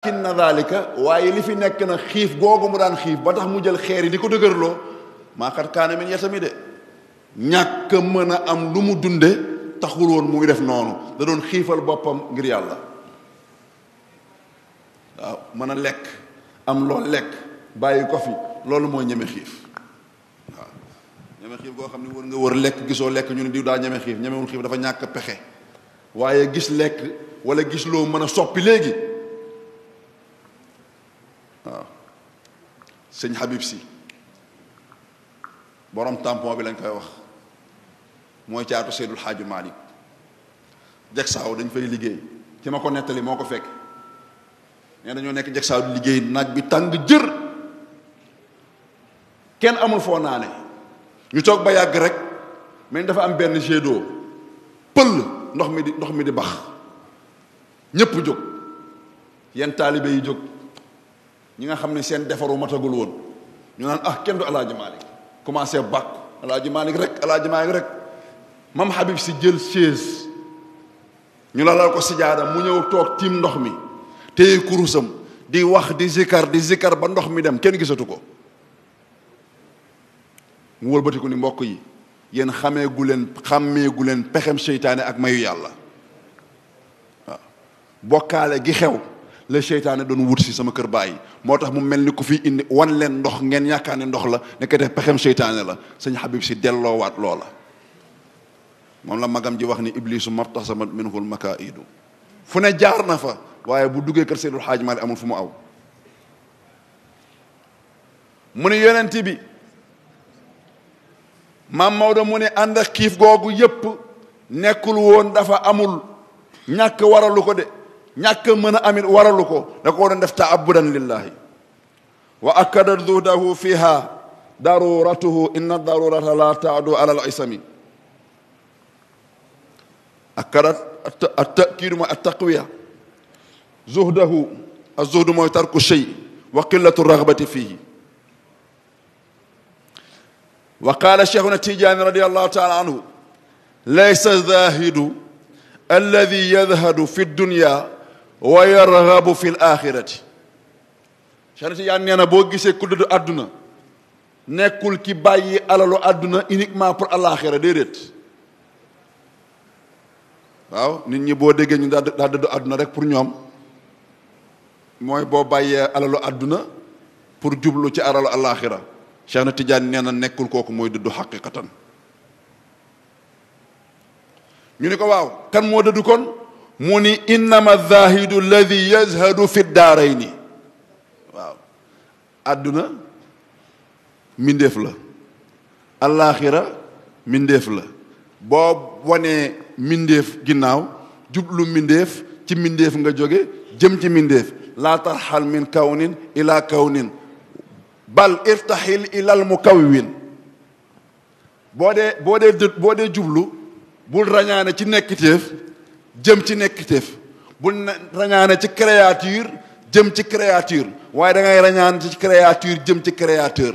كنا ذلك واي لي في نيك نا خيف غوغو مو دان خيف با تخ مو جيل خير ديكو دغرلو ما خات كان من يسمي دي نياك مانا ام لو مو دوند تخول وون موي ديف نونو دا دون خيفال بوبام غير يالا مانا ليك ام لو ليك بايي كوفي لولو مو نيمي خيف نيمي خيف غو خامني وور nga وور ليك غيسو ليك ني ديو دا نيمي خيف نيمي وون خيف دا فا نياك بخي وايي غيس ليك ولا غيس لو مانا سوبي لغي waaw sëñ Habib si borom tampon bi lañ koy wax mooy caatu Seydul Xaaju Maalik Jaksaaw dañ fay liggéey ci ma ko nettali moo ko fekk nee dañoo nekk Jaksaaw di liggéey naaj bi tàng jër kenn amul foo naane ñu toog ba yàgg rek mais dafa am benn jet d'eau pël ndox mi di ndox mi di bax ñépp jóg yenn taalibe yi jóg ñi nga xamne ne seen defaru matagul won ñu nan ah kendo du malik commencé bak alaaji malik rek alaaji malik rek mam habib si jël chaise ñu lalal ko sijaada mu ñew tok tim ndox mi tey kurusam di wax di zikar di zikar ba ndox mi dem kenn gisatu ko mu wëlbatiku ni mbokk yi yéen xameegu leen xàmmeegu leen pexem sheytane ak mayu yalla bokale gi xew la seytaane doon wut si sama kër bàyyi moo tax mu mel ni ku fi indi wan leen ndox ngeen yaakaar ne ndox la nekk def pexem seytaane la sañ Habib si delloowaat loola moom la magam ji wax ni iblisu martasamat minhul makaidu fu ne jaar na fa waaye bu duggee kër Seydul Xaaj Maalik amul fu mu aw mu ne yonent bi maam Maodo mu ne ànd ak xiif googu yépp nekkul woon dafa amul ñàkk waralu ko de ñàkk mën a amit waralu ko da koo doon def taabudan lillahi wa akkada zuhdahu fiha daruratuhu inna darurata la taadu ala alisami akkada التأكيد مع التقوية زهده الزهد ما wa qillatu وقلة الرغبة فيه وقال شيخنا التيجاني رضي الله taala anhu laysa zahidu الذي يذهب في الدنيا wa yarhabu fi l axirati Cheikh Tidiane nee na boo gisee ku dëddu àdduna nekkul ki bàyyi alalu àdduna uniquement pour alaxira déedéet waaw nit ñi boo déggee ñu daa dëddu àdduna rek pour ñoom mooy boo bàyyee alalu àdduna pour jublu ci alalu alaxira Cheikh Tidiane nee na nekkul kooku mooy dëddu xaqiqatan ñu ni ko waaw kan moo dëddu kon mu ni innama zahidu alladi yazhadu fi daarayni waaw àdduna mindeef la alaxira mindeef la boo wanee mindeef ginnaaw jublu mindeef ci mindeef nga jóge jëm ci mindeef laa tarxal min kawnin ila kawnin bal irtaxil ilal mukawwin boo dee boo dee boo dee jublu bul rañaane ci nekkiteef jëm ci nekkiteef bu rañaane ci créature jëm ci créature waaye da ngay rañaan ci créature jëm ci créateur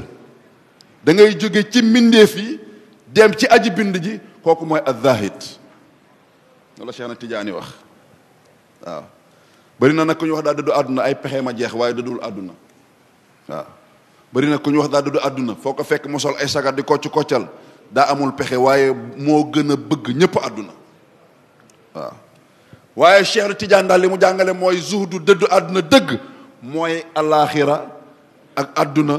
da ngay joggé ci minde fi dem ci aji bind ji moy az-zahid wala cheikh na tijaani wax waaw bari na nak ñu wax da dëddu aduna ay pexé ma jeex waaye dëddul aduna waaw bari na ku ñu wax da dëddu aduna foko fekk mu sol ay sagar di kocc koccal da amul pexé waye mo gëna bëgg ñëpp aduna waaw waaye Cheikh Tidiane daal li mu jàngale mooy zuhdu dëddu àdduna dëgg mooy alaaxira ak àdduna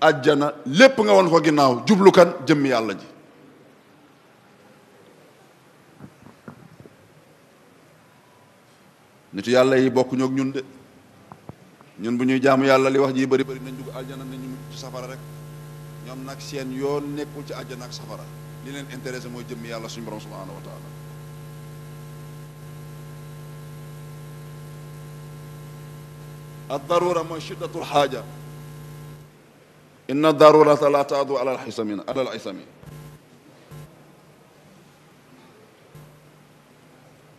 àjjana lépp nga won ko ginnaaw jublu jëmm yàlla ji nitu yàlla yi bokk ñoog ñun de ñun bu ñuy jaamu yàlla li wax ji bëri bari nañ dugg àjjana nañu ñu ci safara rek ñoom nag seen yoon nekkul ci àjjana ak safara li leen intéressé mooy jëmmi yàlla suñu borom subhanahu wa الضرورة من شدة الحاجة إن الضرورة لا تعدو على الحسمين على العسمين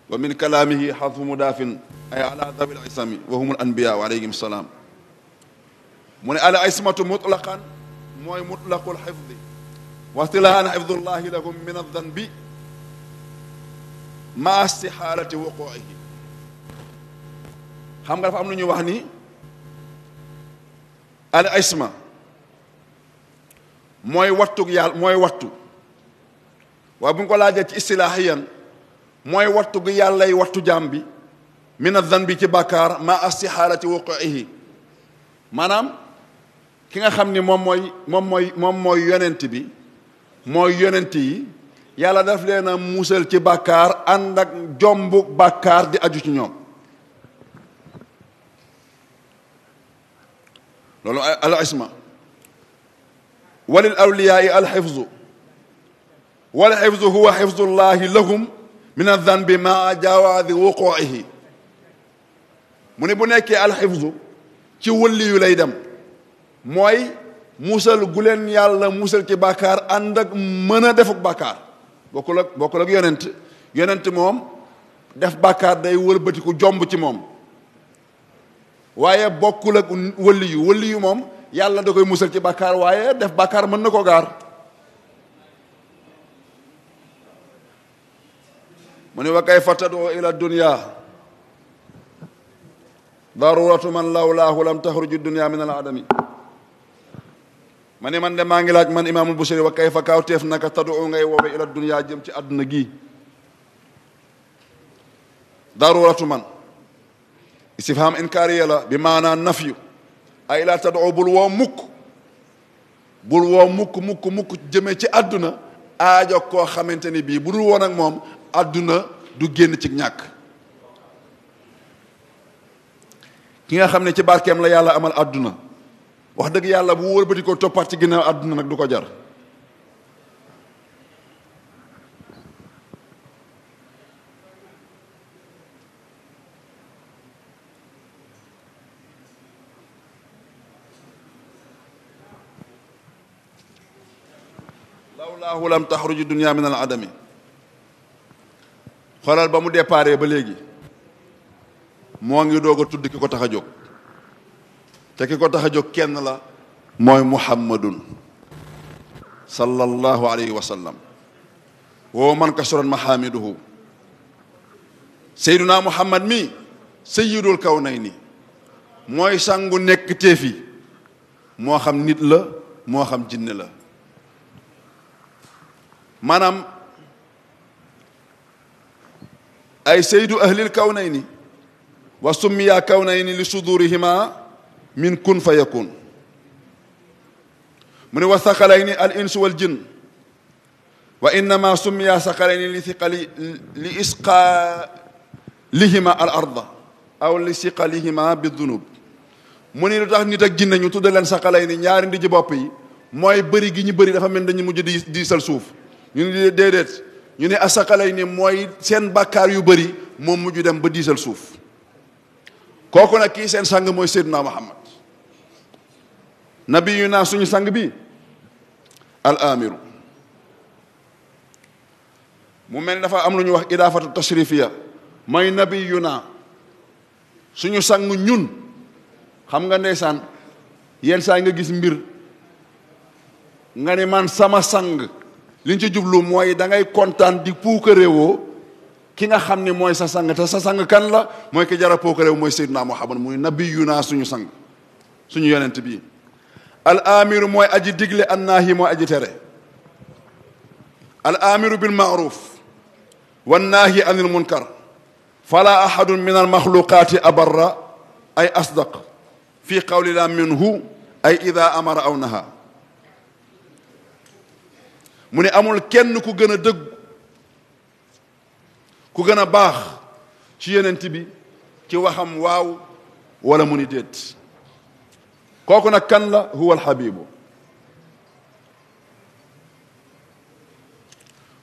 ومن كلامه حظ مداف أي على ذوي العصم وهم الأنبياء عليهم السلام من على العصمة مطلقا موي مطلق الحفظ وصلها حفظ الله لهم من الذنب مع استحالة وقوعه xam nga dafa am lu al isma mooy wattuk yàlla mooy wattu waaye bu ñu ko laajee ci istilaahiyan mooy wattu yàlla yàllay wattu jaam bi min adhanbi ci bàkkaar ma astihaalati wuquihi maanaam ki nga xam ni moom mooy moom mooy moom yonent bi mooy yonent yi yàlla daf leen a musal ci bàkkaar ànd ak jombu bàkkaar di aju ci ñoom العصمة أه، وللأولياء الحفظ والحفظ هو حفظ الله لهم من الذنب ما جاوز وقوعه من بنك الحفظ كي ولي يليدم موي موسل قلن يالا موسل كي باكار اندك منا دفق باكار بوكولك بوكولك يننت يننت موم def bakkar day wëlbeutiku jomb ci mom waaye bokkul ak wëlli moom yàlla da koy musal ci bàkkaar waaye def bàkkaar mën na ko gaar mu ne wa kayfa tadoo ila dunya daruratu man lawlaahu lam taxruju dunya min al ne man de maa ngi laaj man imaamul Busiri wa kayfa kaaw teef naka tadoo ngay woowe ila dunya jëm ci àdduna gi daruratu man istifham inkaariya la bi maanaa nafyu ay laa tadoo bul woo mukk bul woo mukk mukk mukk jëmee ci àdduna aajo koo xamante ni bii bu dul woon ak moom àdduna du génn ci ñàkk ki nga xam ne ci barkeem la yàlla amal àdduna wax dëgg yàlla bu wëlbati ko toppaat ci ginnaaw àdduna nag du ko jar Allah lam tahruj dunya min al adami xolal ba mu déparé ba légui mo ngi dogo tudd ki ko tax a te ki ko tax kenn la moy muhammadun sallallahu alayhi wa sallam wo man kasuran mahamiduhu sayyiduna muhammad mi sayyidul kawnayni Moy sangu nek tefi mo xam nit la mo xam jinn la Manam, ay ahli al ini, wa summiya ini li sudurihima min kun fayakun. yakun mu wa al ins wal jin wa innama summiya sakala li thiqali li lihima al arda aw li siqalihima bidhunub mun ni tax nit ak jinne ñu tudde leen saqalayni ñaari ndiji bop yi moy bëri gi ñu dafa mel dañu mujj di diisal suuf ñu ne déedéet ñu ne asaka lay mooy seen bàkkaar yu bari moo mujj dem ba diisal suuf kooku nag kii seen sang mooy Seydina Muhammad nabi yu naa suñu sang bi al amiru mu mel dafa am lu ñuy wax idaafatu tashrifiya mooy nabi yu naa suñu sang ñun xam nga ndeysaan yenn saa nga gis mbir nga ni man sama sang liñ ci jublu mooy da ngay kontaan di puukaréewoo ki nga xam ne mooy sa sang te sa sang kan la mooy ki jara puukaréew mooy seydina muhammad muy nabiyuna suñu sang suñu yonent bi al amiru mooy aji digle an naahi mooy aji tere al amiru bil maaruf wan naahi anil munkar fala ahadun min al maxluqaati abarra ay asdaq fi qawli la minhu ay ida amara aw naha mu ni amul kenn ku gën a dëgg ku gën a baax ci yonent bi ci waxam waaw wala mu ni déet kooku nag kan la huwa alxabibu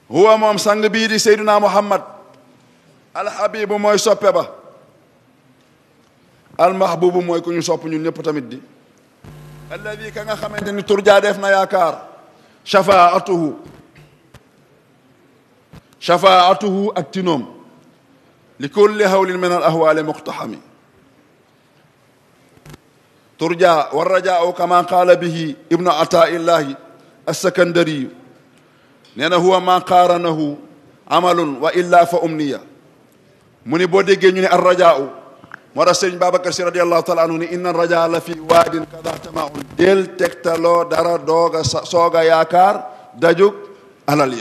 huwa moom sang bii di seyduna muhammad alxabibu mooy soppe ba almahbubu mooy ku ñu sopp ñun ñëpp tamit di alladi ka nga xamante ni turjaa def na yaakaar شفاعته شفاعته اكتنوم لكل هول من الاهوال مقتحم ترجى والرجاء كما قال به ابن عطاء الله السكندري لان هو ما قارنه عمل والا فامنيه من بودي الرجاء moo tax sëriñ Babacar si radiallahu taala anhu ni inna raja la fi waadin kada tamaun del tegtaloo dara doog a yaakaar dajug alal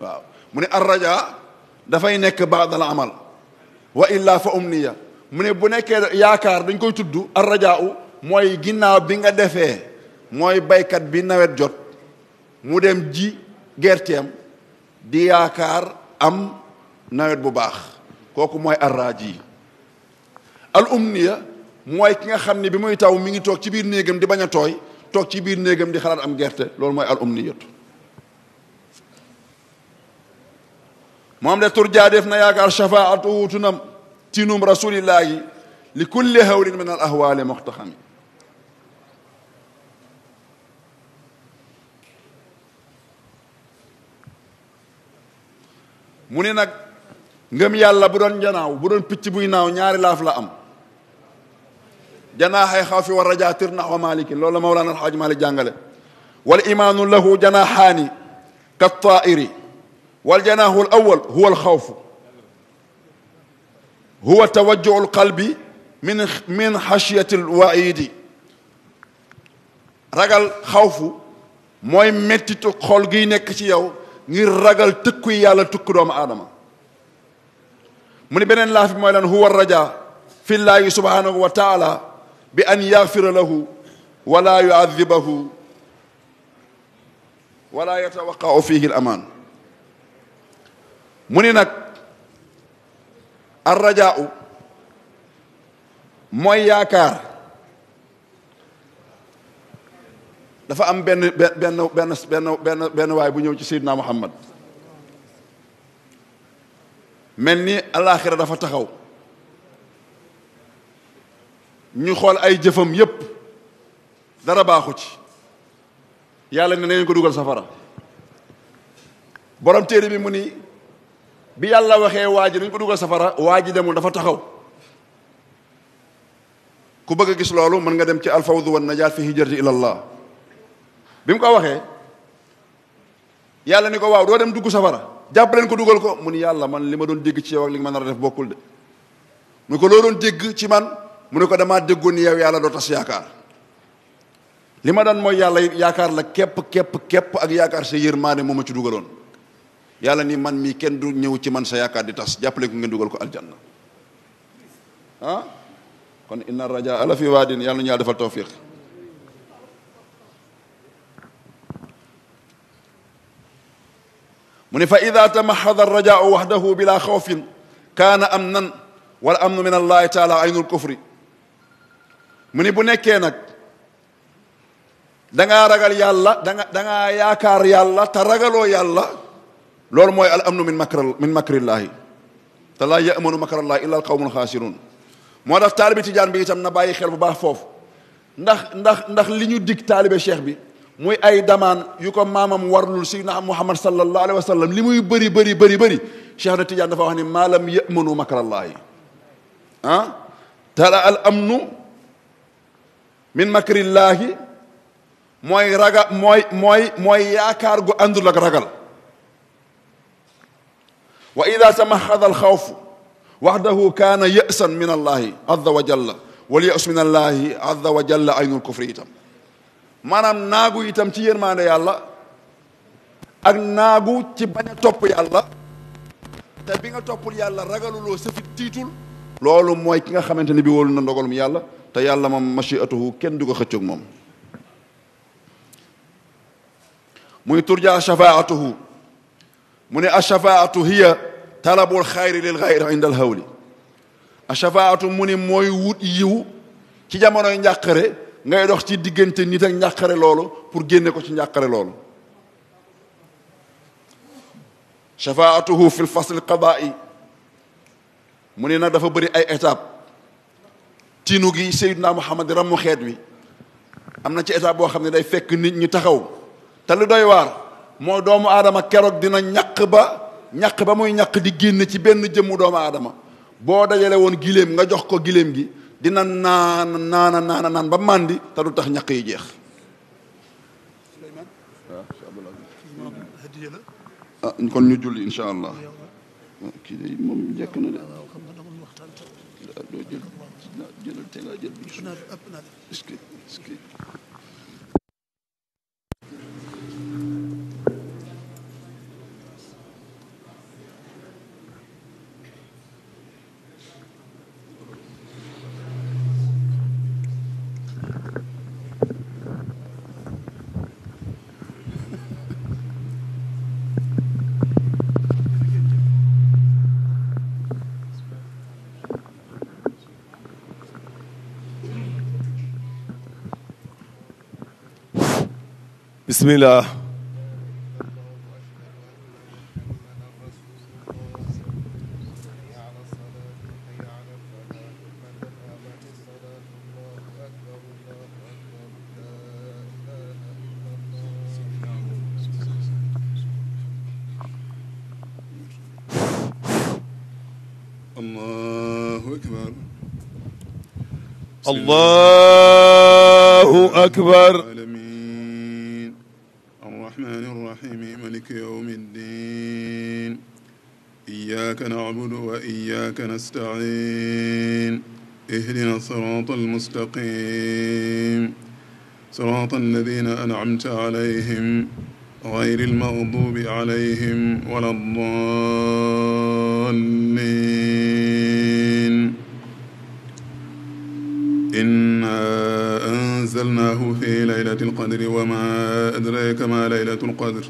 waaw mu ne ar raja dafay nekk baadal amal wa illa fa umniya mu ne bu nekkee yaakaar dañ koy tudd ar u mooy ginnaaw bi nga defee mooy baykat bi nawet jot mu dem ji gerteem di yaakaar am nawet bu baax kooku mooy arraaj yi الامنيه موي كيغا خامني بي موي تاو ميغي توك سي بير نيغم دي باغا توي توك سي بير نيغم دي خالات ام غيرتي لول موي الامنيه موم لا ترجا ديف نا ياكار شفاعه تنم تنم رسول الله لكل هول من الاهوال مقتحم mu ne nag ngëm yàlla bu doon janaaw bu doon picc buy naaw ñaari laaf la am جناح يخاف والرجاء ترنح ومالك لولا مولانا الحاج مالك جانقلة والإيمان له جناحان كالطائر والجناح الأول هو الخوف هو توجع القلب من من خشية الوعيد ragal xawfu mooy mettitu xol gi nekk ci yow ngir ragal tëkku yàlla tukku doomu aadama mu ni beneen laaf bi mooy lan huwa raja fillaahi subhanahu wa taala بأن يغفر له ولا يعذبه ولا يتوقع فيه الأمان منينك الرجاء موي ياكار ام بن بن بن بن بن بن واي بو نيو سيدنا محمد مني الله خير فا تخاو ñu xool ay jëfam yépp dara baaxu ci yàlla ne nañu ko dugal safara borom téere bi mu ni bi yàlla waxee waa ji nañu ko dugal safara waa ji demul dafa taxaw ku bëgg a gis loolu mën nga dem ci alfawdu wan najaat fi hijrati ilallah bi mu ko waxee yàlla ni ko waaw doo dem dugg safara jàpp leen ko dugal ko mu ni yàlla man li ma doon dégg ci yow ak li nga ma nar a def bokkul de mu ni ko loo doon dégg ci man mune ko dama deggone yow yalla do tass yakar lima dan moy yalla yakar la kep kep kep ak yakar sa yermane moma ci dugalon yalla ni man mi ken du ñew ci man sa yakar di tas jappale ko ngeen dugal ko aljanna ah kon inna raja ala fi wadin yalla ñal defal tawfiq mune fa idha tamahadha ar-raja'u wahdahu bila khawfin kana amnan wal amnu min allahi taala aynul kufri mu ni bu nekkee nag da ngaa ragal yàlla da nga da ngaa yaakaar yàlla te ragaloo yàlla loolu mooy al amnu min makra min makrillaahi te laa yamanu makrallaahi illa al qawmul xaasiruun moo tax taalibe tijaan bi itam na bàyyi xel bu baax foofu ndax ndax ndax li ñu dig taalibe cheikh bi muy ay damaan yu ko maamam warlul sayyidina muhammad sallallahu alayhi wa sallam li muy bëri bëri bëri bëri cheikh na tijaan dafa wax ni maalam yamanu makrallaahi ah te al amnu min makrillaahi mooy ragal mooy mooy mooy yaakaar gu àndul ak ragal wa ida tamahada alxawfu waxdahu kaana ya'san min allahi azza wa jalla wal ya'su min allahi azza wa jalla aynul kufri itam maanaam naagu yitam ci yërmaande yàlla ak naagu ci bañ a topp yàlla te bi nga toppul yàlla ragaluloo safit tiitul loolu mooy ki nga xamante ni bi wóolu na ndogalum yàlla te yàlla moom machiatuhu kenn du ko xëccoog moom muy turja shafaatuhu mu ne ashafaatu hiya talabul xayri lil xayri inda al hawli ashafaatu mu ne mooy wut yiw ci jamonoy njàqare ngay dox ci diggante nit ak njàqare loolu pour génne ko ci njàqare loolu shafaatuhu fi fasl mu ne nag dafa bëri ay étape tiinu gi Seydina Muhammad ramu xeet wi am na ci état boo xam ne day fekk nit ñi taxaw te lu doy waar moo doomu aadama keroog dina ñaq ba ñaq ba muy ñaq di génn ci benn jëmmu doomu aadama boo dajale woon giléem nga jox ko giléem gi dina naan naana naana naan ba màndi te tax ñàq yi jeex ah ñu julli insha allah ah, jëlal te nga jël bi ci suuf est-ce que بسم الله الله أكبر الله أكبر إياك نستعين اهدنا الصراط المستقيم صراط الذين أنعمت عليهم غير المغضوب عليهم ولا الضالين إنا أنزلناه في ليلة القدر وما أدريك ما ليلة القدر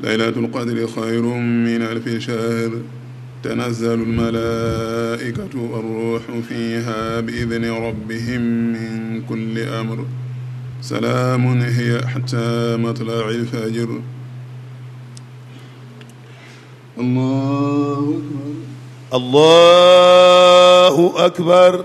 ليلة القدر خير من ألف شهر تنزل الملائكة والروح فيها بإذن ربهم من كل أمر سلام هي حتى مطلع الفجر الله أكبر الله أكبر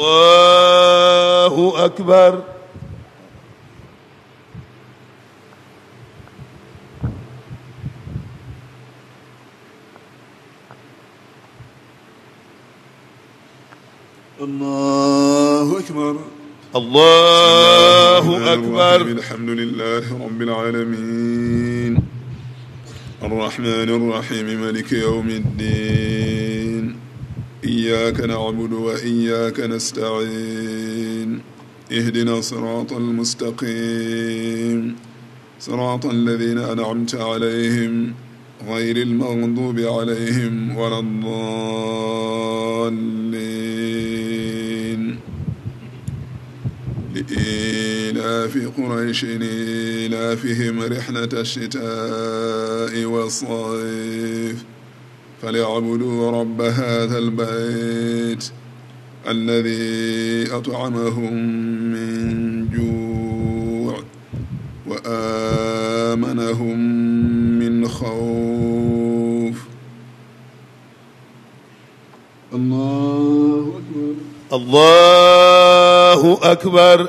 الله أكبر الله أكبر الله أكبر الحمد لله رب العالمين الرحمن الرحيم ملك يوم الدين إياك نعبد وإياك نستعين اهدنا الصراط المستقيم صراط الذين أنعمت عليهم غير المغضوب عليهم ولا الضالين لإيلاف قريش إيلافهم رحلة الشتاء والصيف فليعبدوا رب هذا البيت الذي أطعمهم من جوع وآمنهم من خوف الله أكبر الله أكبر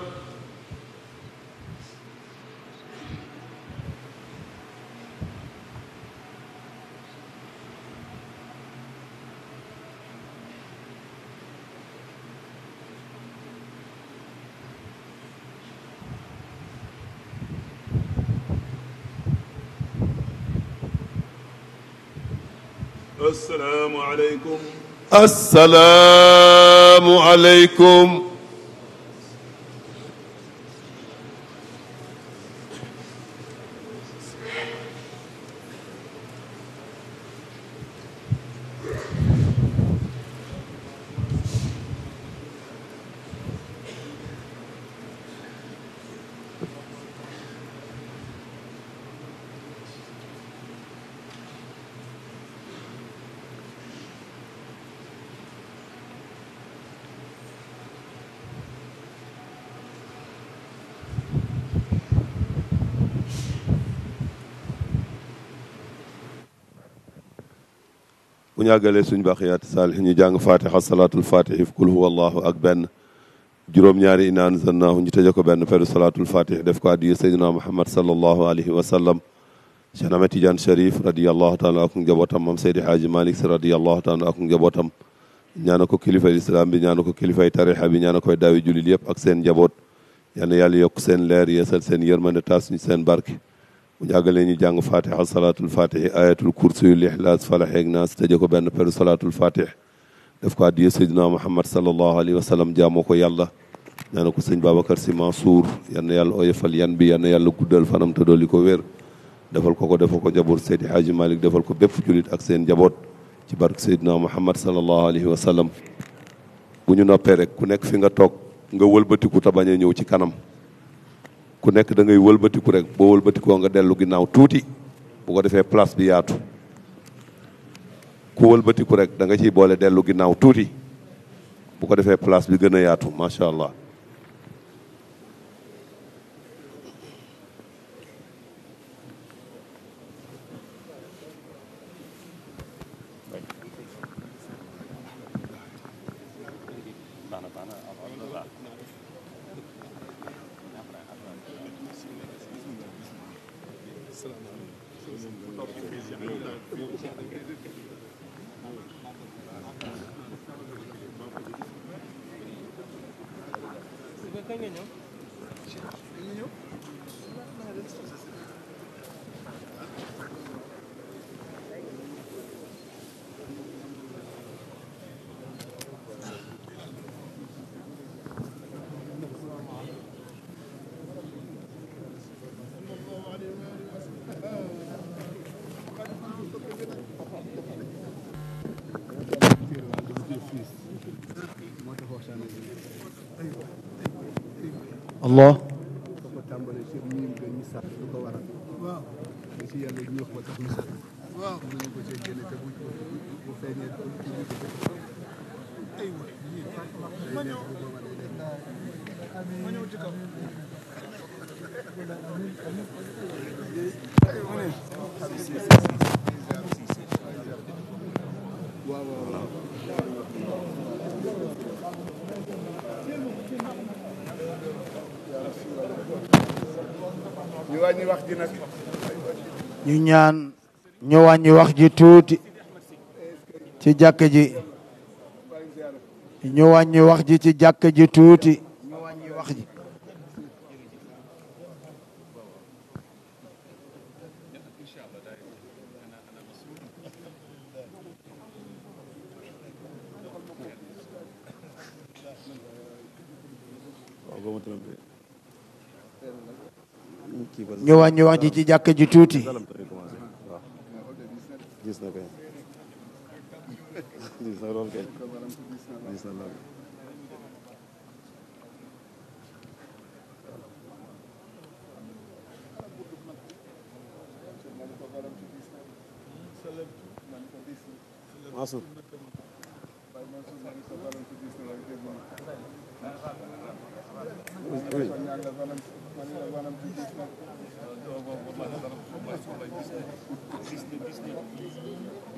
السلام عليكم bu ñu àggalee suñ baqiyaat saalihin ñu jàng fatiha salaatul fatihi kul huwa allahu ak benn juróom-ñaari inaa anzalnaahu ñu tëje ko benn feru salaatul fatihi def ko addiya sayyidina muhammad sallallahu alayhi wa sallam Cheikh Ahmed Tidiane Cherif radiyallahu taala ak njabootam mam Seydi Hadji Malick Si radiyallahu taala ak njabootam ñaana ko kilifay islam bi ñaana ko kilifay tarixa bi ñaana koy daawi jullit yëpp ak seen njaboot yal na yàlla yokk seen leer yeesal seen yërmande taas ñu seen barke bu ñu àggalee ñu jàng fatiha salaatul fatih ayatul kursi yu lixlaas falaxeeg naas tëje ko benn peru salaatul fatih def ko addiye seydina muhammad salallahu alayhi wa sallam jaamoo ko yàlla nee na ko sëñ babacar si mansour yal na yàlla oyofal yan bi yal na yàlla guddal fanam te dolli ko wér defal ko ko defal ko njaboot seydi haaji malik defal ko bépp julit ak seen njaboot ci barke seydina muhammad salallahu alayhi wa sallam bu ñu noppee rek ku nekk fi nga toog nga wëlbatiku te bañ a ñëw ci kanam ku nekk da ngay wëlbatiku rek boo wëlbatikoo nga dellu gi ginnaaw tuuti bu ko defee place bi yaatu ku wëlbatiku rek da nga ciy boole dellu ginnaaw tuuti bu ko defee place bi gën a yaatu macha allah. Allah ñaan ñu wàññi wax ji tuuti ci jàkk ji ñu wàññi wax ji ci jàkk ji tuuti ñu wax ñu wax ji ci jàkk ji tuuti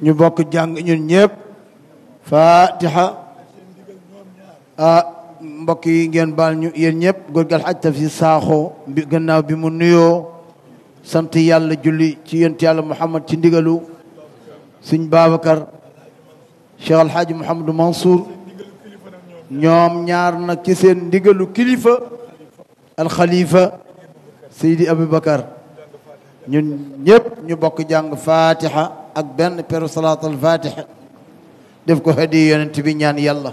ñu bokk jàng ñun ñëpp fatiha ah mbokk yi ngeen baal ñu yéen ñëpp góor gi Alxaj Tafsir Saaxo bi gannaaw bi mu nuyoo sant yàlla julli ci yent yàlla muhammad ci ndigalu seigne babakar Cheikh Al Hadj Mouhamadou Mansour ñom ñaar nag ci sen ndigalu kilifa al khalifa Seydi Aboubacar ñun ñep ñu bok jàng fatiha ak ben peru salat al fatiha def ko hadi yonent bi ñaan yàlla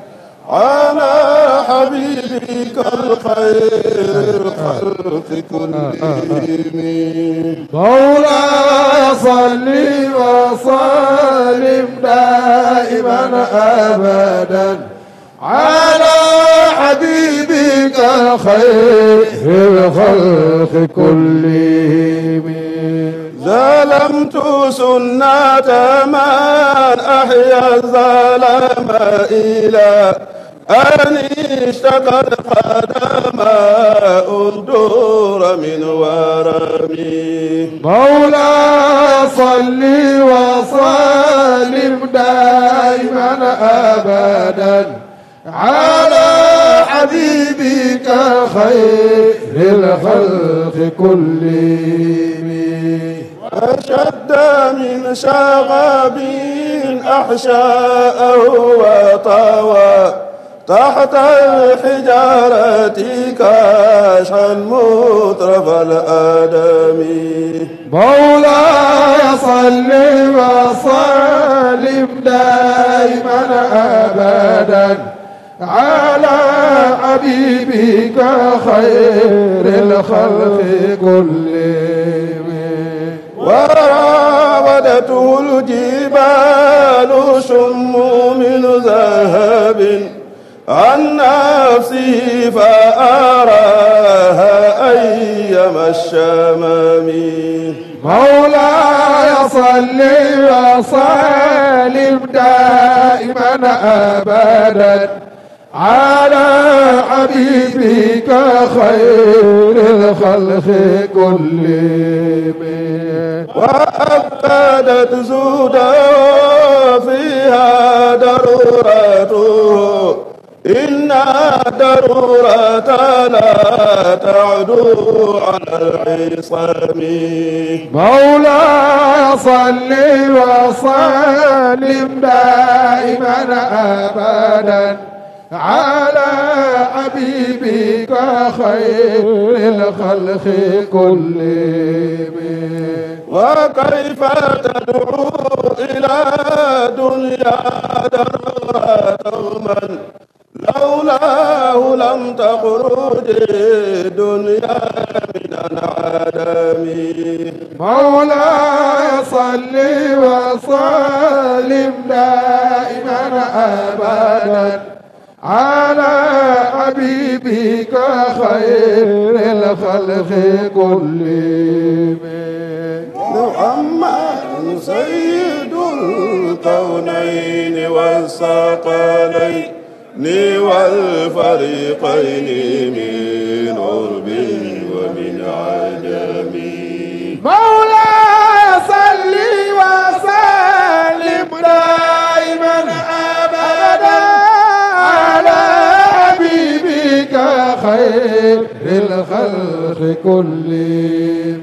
على حبيبك الخير خلق كلهم مولاي صل وسلم دائما ابدا على حبيبك خير الخلق كلهم ظلمت سنة من أحيا الظلم إلى أن اشتقت قدما أندور من ورمي مولا صلي وسلم دائما أبدا على حبيبك خير الخلق كلهم أشد من شغب أحشاء وطوى تحت الحجارة كاشا مطرف الأدم مولاي صل وصلم دائما أبدا على حبيبك خير الخلق كلهم وراودته الجبال شم من ذهب عن نفسه فأراها أيما الشمام مولاي صل وسلم دائما أبدا على حبيبك خير الخلق كلهم وأبدت زودا فيها ضرورته إن ضرورة لا تعدو على العصام مولاي صل وسلم دائما أبدا على حبيبك خير الخلق كلهم وكيف تدعو إلى دنيا درى دوما لولاه لم تخرج الدنيا من العدم مولاي صل وسلم دائما أبدا على حبيبك خير الخلق كلهم محمد سيد الكونين والثقلين والفريقين من عربي ومن عجم مولا خير الخلق كلهم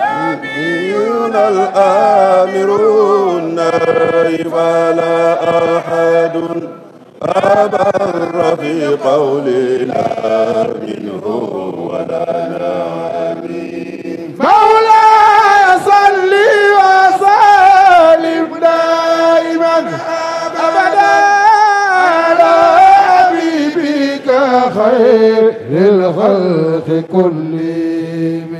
نبينا لا أحد أبر في قولنا منه ولا خير للخلق كلهم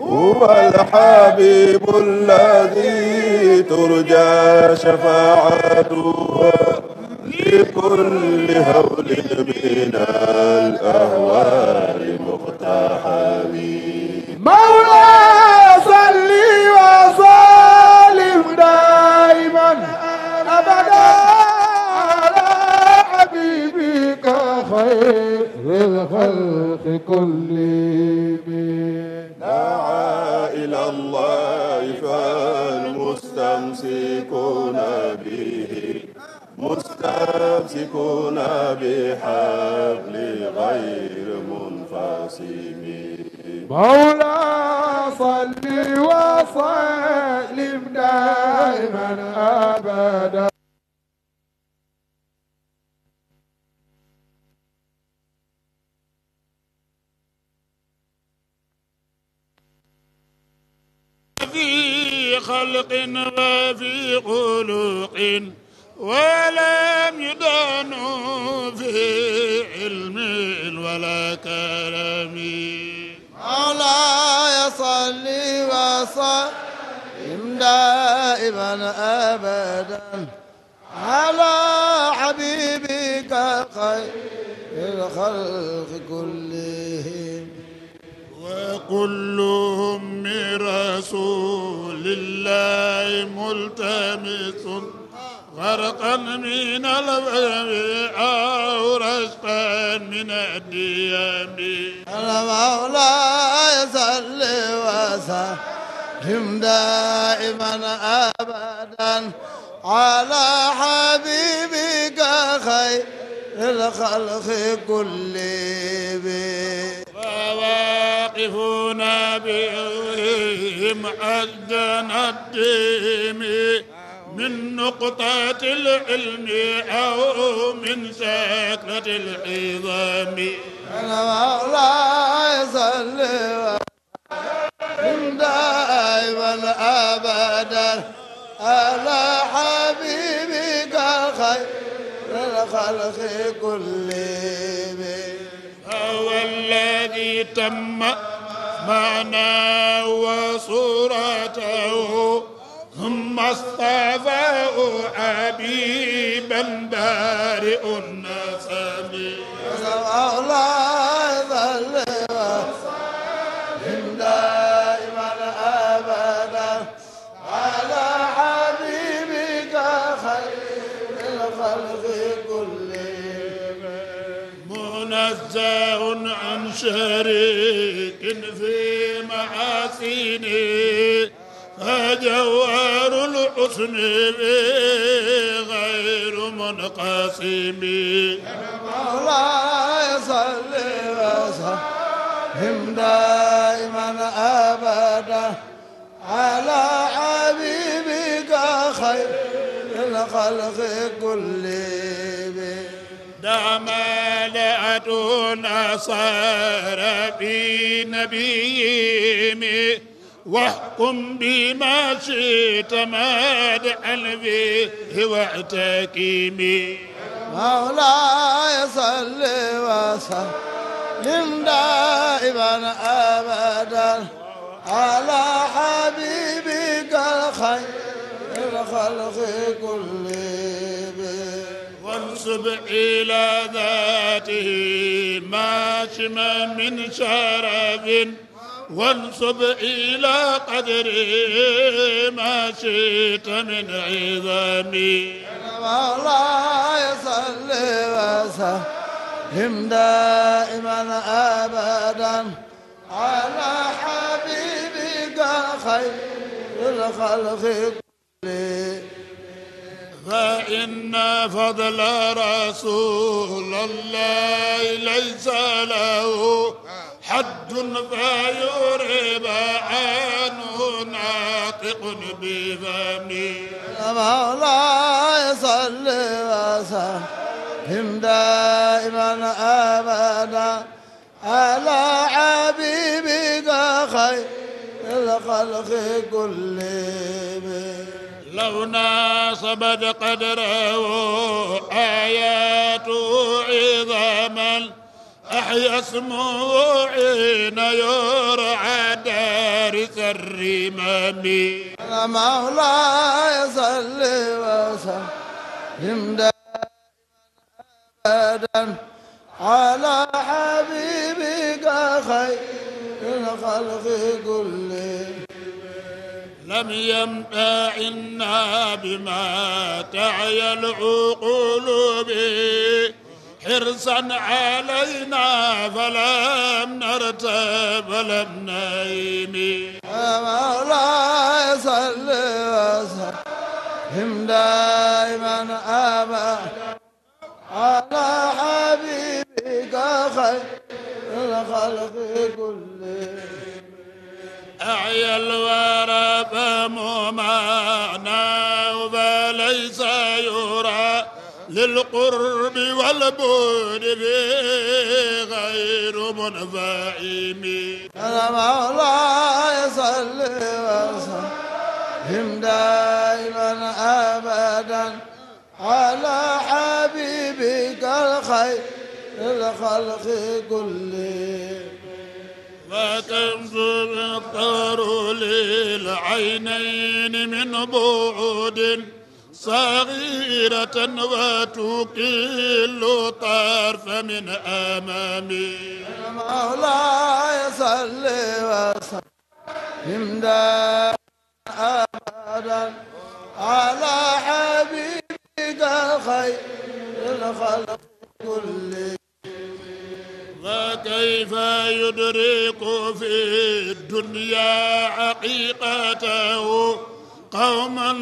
هو الحبيب الذي ترجى شفاعته لكل هول من الأهوال مقتحم مولاي الخلق كلهم دعا إلى الله فالمستمسكون به مستمسكون بحبل غير منفصم مولا صل وسلم دائما أبدا في خلق وفي خلق ولم يدانوا في علم ولا كلام مولاي يصلي وسلم دائما ابدا على حبيبك خير الخلق كلهم وكلهم من رسول الله ملتمس غرقا من البر او رشقا من الديام المولى يصل وسلم دائما ابدا على حبيبك خير الخلق كل بي واقفون بهم أذن الدين من نقطة العلم أو من سكرة العظام أنا مولاي صل دائما أبدا على حبيبك خير الخلق كلهم وهو الذي تم معناه وصورته ثم اصطفاه حبيبا بارئ النسم الله شريك في معاصيني فجوار الحسن غير منقسم الله يصلي وسلم دائما ابدا على حبيبك خير الخلق كلهم دعما لأتون صار في نبيهم واحكم بما شئت ما دعن فيه واعتكمي مولاي صل وسلم دائما أبدا على حبيبك الخير الخلق كلهم واصب إلى ذاته شم من شرف وانصب إلى قدره ما شئت من عظامي والله يصلي وسلم دائما أبدا على حبيبك خير الخلق كله فإن فضل رسول الله ليس له حد فيريب عنه ناطق بفمي لا صل وسلم دائما أبدا على حبيبك خير الخلق كلهم لونا صبد قدره آياته عظاما أحيا اسمه حين يرعى دارس الرمام يا مولاي صلي وسلم دائما على حبيبك خير الخلق كلهم لم يمتعنا بما تعي العقول به حرصا علينا فلم نرتب ولم نيم مولاي صل وسلم دائما ابدا على حبيبك خير الخلق كلهم أعيا الورى فممعناه وليس يرى للقرب والبعد غير منفعم أنا الله يصلي وسلم دائما أبدا على حبيبك الخير الخلق كلهم لا الطار للعينين من بعد صغيرة وتقل طرف من أمامي يا مولاي صل وسلم أبدا على حبيبك خير الخلق كلهم وكيف يدرك في الدنيا حقيقته قوما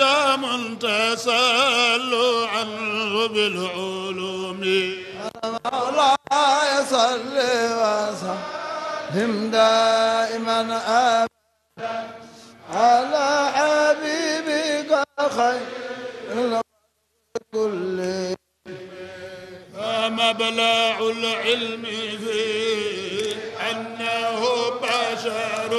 يا من تسألوا عنه بالعلوم الله يصلي وسلم دائما أبدا على حبيبك خير كل مبلع العلم فيه أنه بشر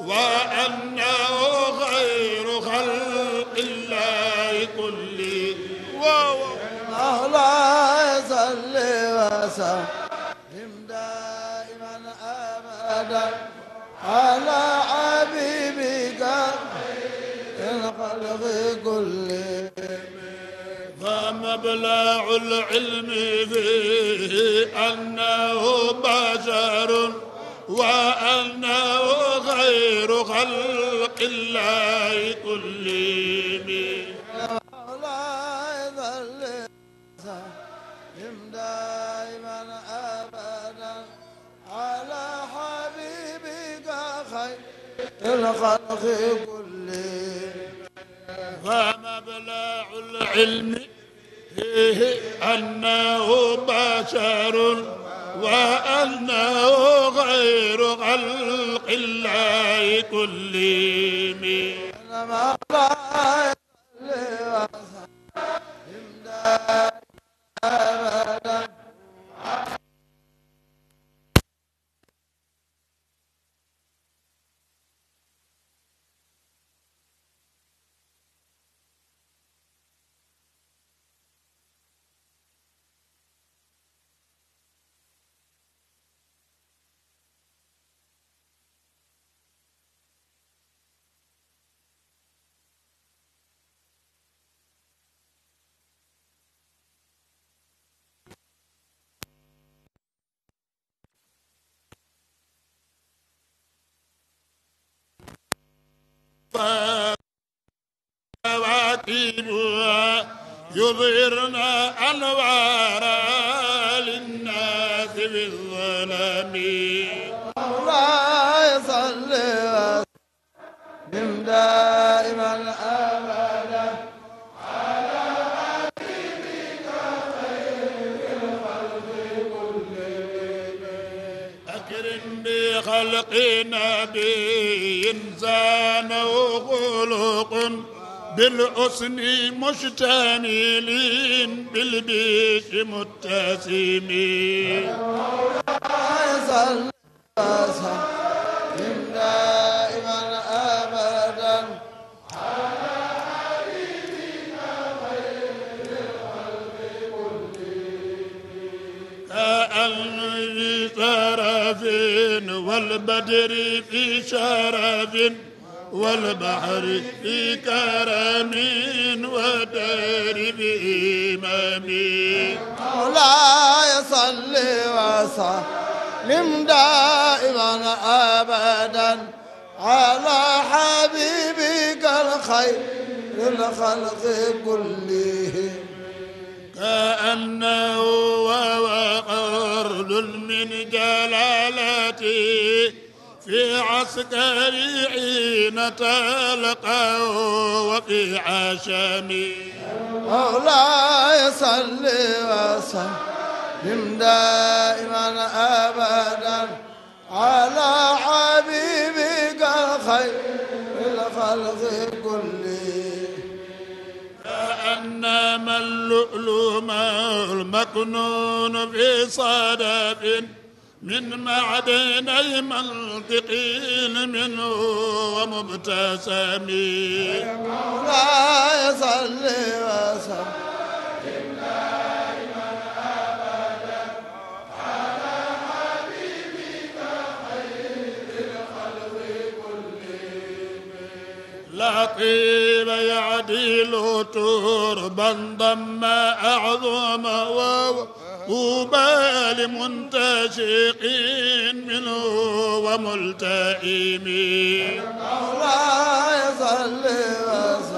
وأنه غير خلق الله كله مولاي صل وسلم دائما أبدا على حبيبك الخلق كله مبلع العلم فيه أنه بشر وأنه غير خلق الله كلهم دائما أبدا على حبيبك خير الخلق كله فمبلغ العلم أنه بشر وأنه غير خلق الله كل رواتبها يظهرن أنوارا للناس في الله يصلي وسلم دائما أبدا الخلق نبي زان وخلق بالحسن مشتملين بالبيت متسمين والبدر في شرف والبحر في كرم ودار بإمام لا يصلي وسلم دائما أبدا على حبيبك الخير للخلق كلهم كأنه وقرد من جلالتي في عسكر حين تلقاه وفي عشمه مولاي يصلي وسلم دائما أبدا على حبيبك الخير الخلق كلهم جهنم اللؤلؤ المكنون في صدف من معدني منطقين منه ومبتسمين مولاي صل وسلم يا طيب يعديل تربا ضم أعظم طوبى لمنتشقين منه وملتئمين الله يصلي وسلم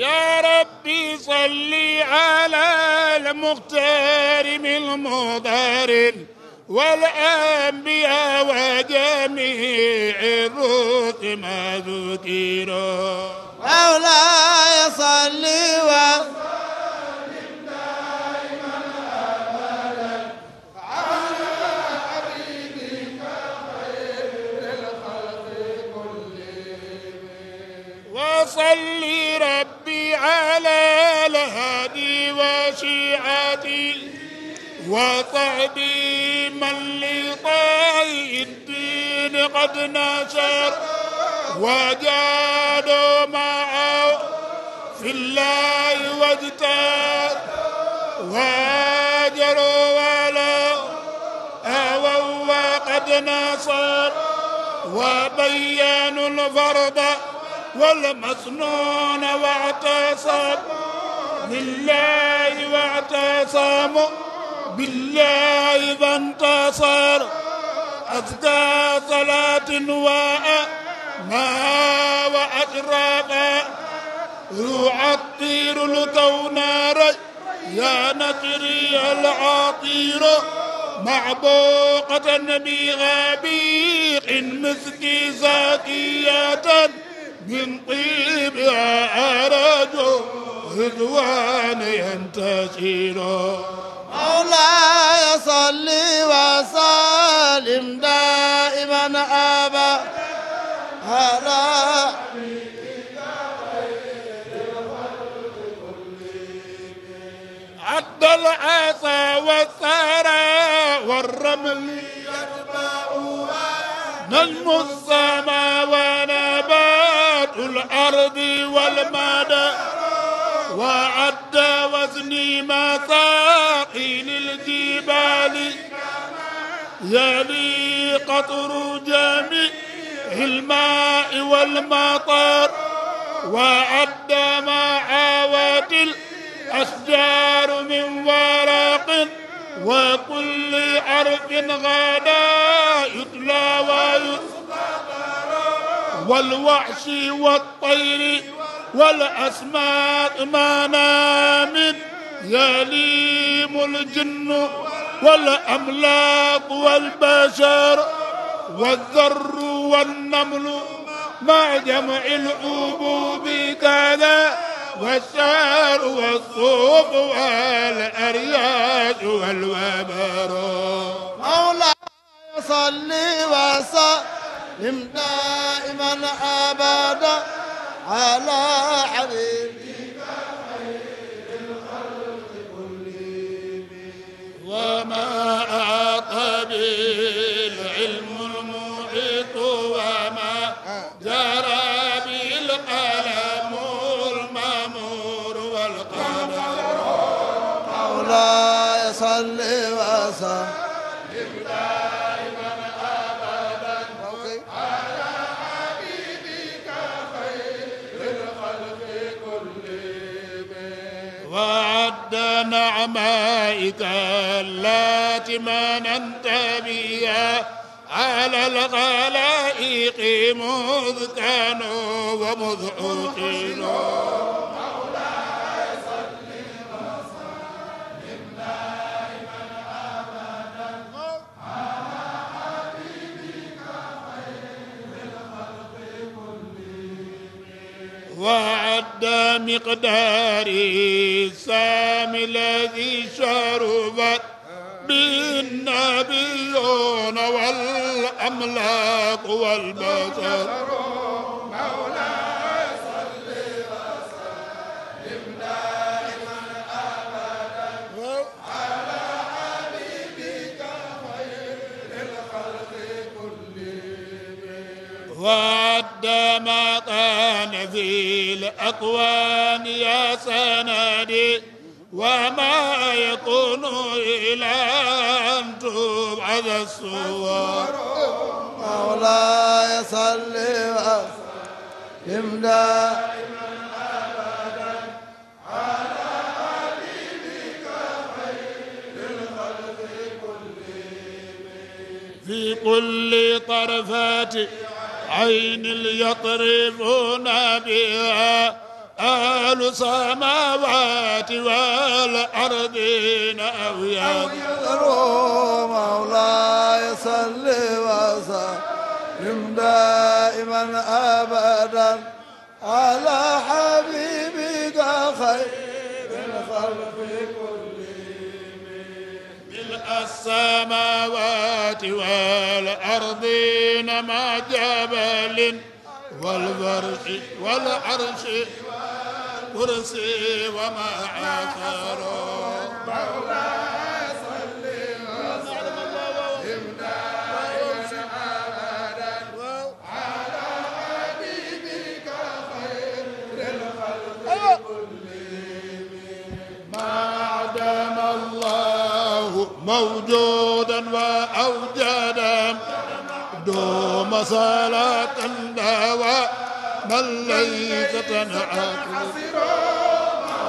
يا ربي صلي على المختار المضار والأنبياء وجميع الروح ما ذكروا مولاي صلي وسلم صلي رب على لهدي وشيعتي وصحبي من لطاي الدين قد نشر وجاد معه في الله واجتاد وهاجروا ولا أووا وقد نصر وبيانوا الفرض والمصنون واعتصم لله واعتصم بالله فانتصر أزكى صلاة ما وأشرقا يعطر الكون يا نجري العطير معبوقة بغبيق مسك زاكية من طيب أرد رضوان ينتشر مولاي صل وسلم دائما أبدا على عد العصا والثرى والرمل يتبعها نجم السماوات الأرض والمدى وعد وزني مساقي للجبال يلي قطر جميع الماء والمطر وعد ما عاوت الأشجار من ورق وكل عرق غدا يطلى ويسقى والوحش والطير والأسماك ما نامت يليم الجن والأملاك والبشر والذر والنمل مع جمع العبوب كذا والشعر والصوف والأرياج والوبر مولاي صلي وسلم هم دائما أبدا على حبيبك خير الخلق كلهم وما أعطى بالعلم المحيط وما جرى بالقلم المأمور والقدر مولاي صل وسلم نعمائك اللاتي مننت بها على الخلائق مذ كانوا ومذ أوتنوا وعد مقداري السام الذي شربت بالنبيون والأملاك والبشر مولاي وسلم دائما أبدا على حبيبك خير الخلق كلهم حد ما طال في الأكوان يا سندي وما يكون إلى أن تبعد الصور مولاي صل وسلم دائما أبدا على حبيبك خير الخلق كلهم في كل طرفات عين يطربون بها أهل السماوات والأرض أو يذروا مولاي صل وسلم دائما أبدا على حبيبي السماوات والأرض ما جبل والفرش والعرش والكرسي وما آخره موجودا وأوجادا دوم صلاة دعوى من ليس تنعك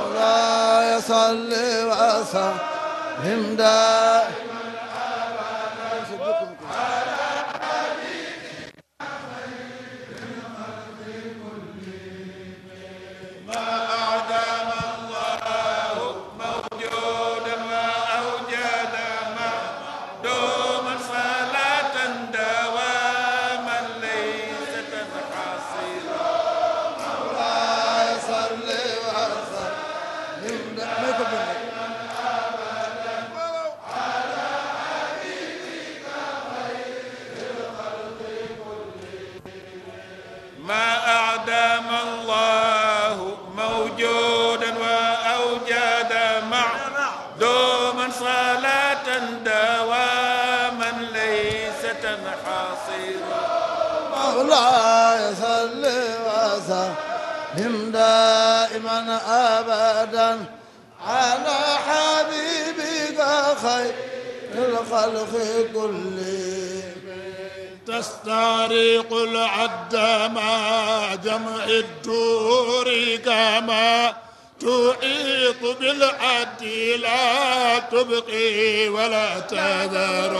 مولاي صل وسلم دائما مولاي صل وسلم دائما ابدا على حبيبك خير الخلق كلهم تستريق العد مع جمع الدور كما تحيط بالعد لا تبقي ولا تذر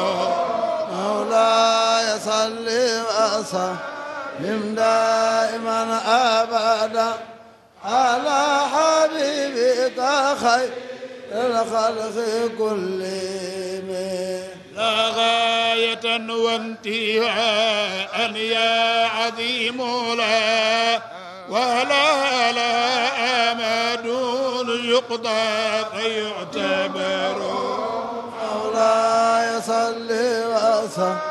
مولاي صل وسلم من دائما أبدا على حبيبي خير الخلق كلهم لا غاية وانتهاء يا عظيم لا ولا لا أمد يقضى فيعتبر مولاي صلي وسلم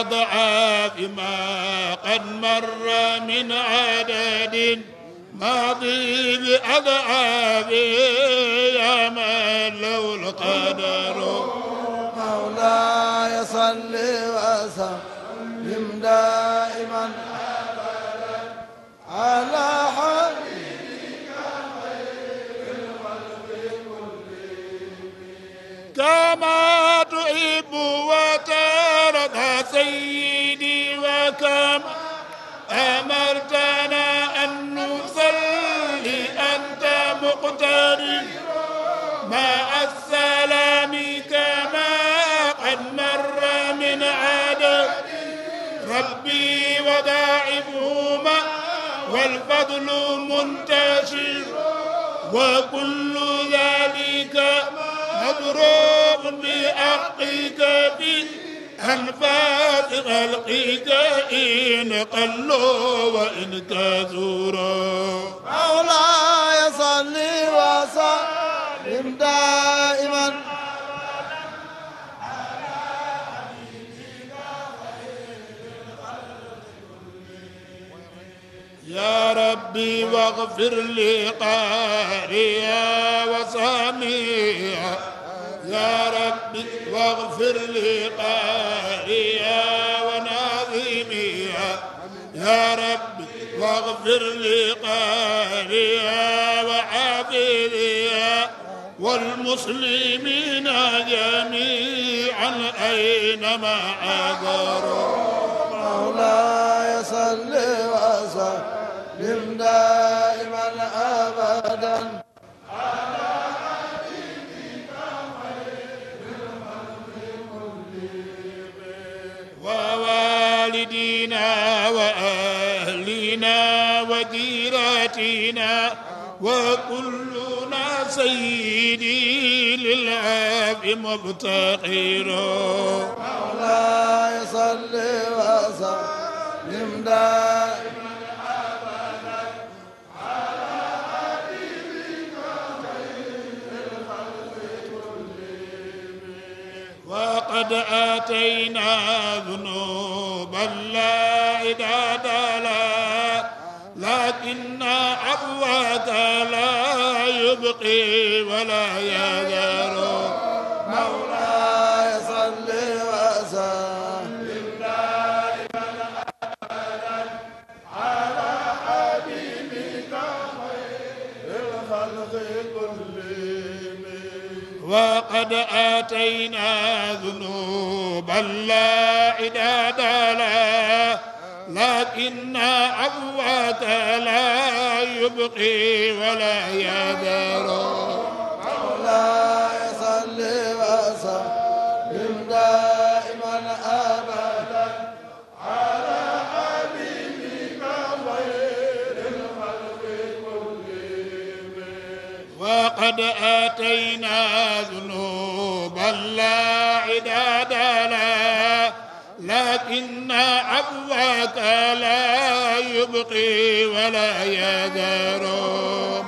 أضعاف ما قد مر من عدد ماضي بأضعاف يا من لو القدر مولاي صلي وسلم دائما أبدا على حبيبك خير الخلق كلهم كما تحب وتحب أمرتنا أن نصلي أنت مقتدر مع السلام كما قد مر من عاد ربي وداعبهما والفضل منتشر وكل ذلك مضروب بحقك بالله هالبادر القيدين قلوا وإن تزوروا مولاي صلي وسلم دائما يا ربي واغفر لي قاريا وصانيا يا ربي واغفر لي قاريا وناظميا يا ربي واغفر لي قاريا وعافيا والمسلمين جميعا أينما أدروا مولاي وديراتنا وكلنا سيدي للعاب مفتقر مولاي صل وسلم دائما وقد آتينا ذنوبا لا إداد لها حتى لا يبقي ولا يذر مولاي صل وسلم دائما ابدا على حبيبك خير الخلق كلهم وقد اتينا ذنوبا لا اداد لها لكن الضوء لا يبقي ولا يذر مولاي صل وسلم دائما ابدا على حبيبك خير الخلق كلهم وقد اتينا ذنوبا لا عداد لها إن أبواك لا يبقي ولا يذر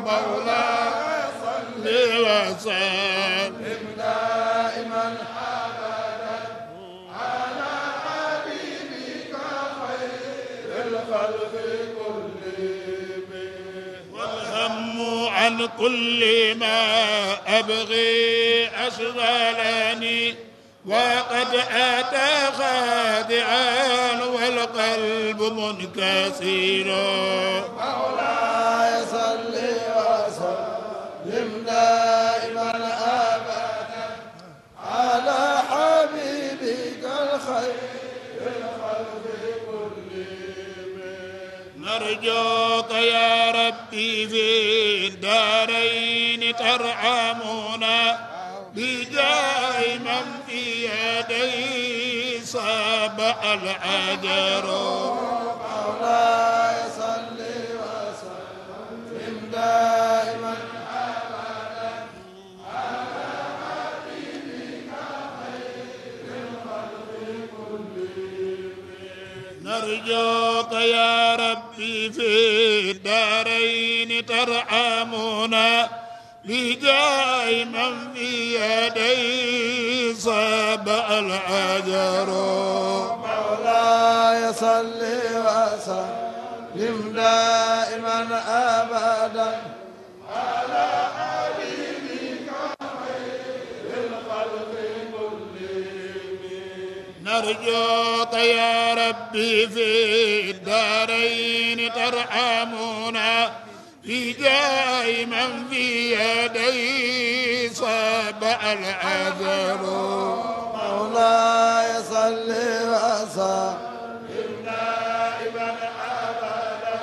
مولاي صل وسلم دائما أبدا على حبيبك خير الخلق كلهم والهم عن كل ما أبغي أشغلني وقد أتى خادعا والقلب منكسر مولاي صلي وسلم دائما أبدا على حبيبك الخير الخلق كلهم نرجوك يا ربي في الدارين ترحمنا بجاه من بقى العذر مولاي صلي وسلم دائما ابدا على حبيبك خير الخلق كلهم نرجوك يا ربي في الدارين ترحمنا بجاه من في يديك صاب الأجر مولاي صل وسلم دائما أبدا على حبيبك خير الخلق كلهم نرجوك يا ربي في الدارين ترحمنا في دائما من في يديك أصاب العذر مولاي صل وسلم أبدا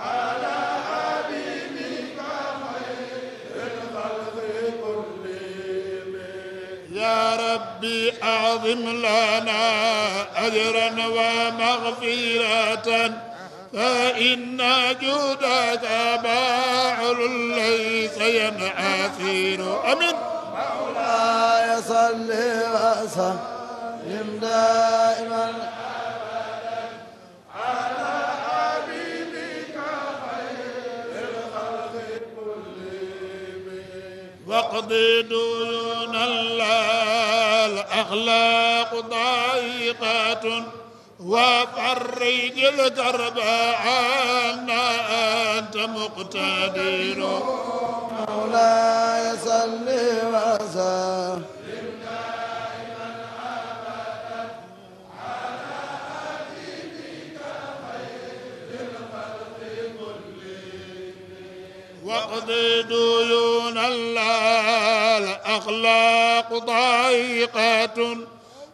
على حبيبك خير الخلق كلهم يا ربي أعظم لنا أجرا ومغفرة فإن جودك باع ليس ينعسير أمين مولاي يصلي وسلم دائما على حبيبك خير الخلق كلهم واقض ديون الاخلاق ضيقه وفرج الدرب عنا أنت مقتدر مولاي صل وسلم واقض ديون الله الاخلاق ضيقه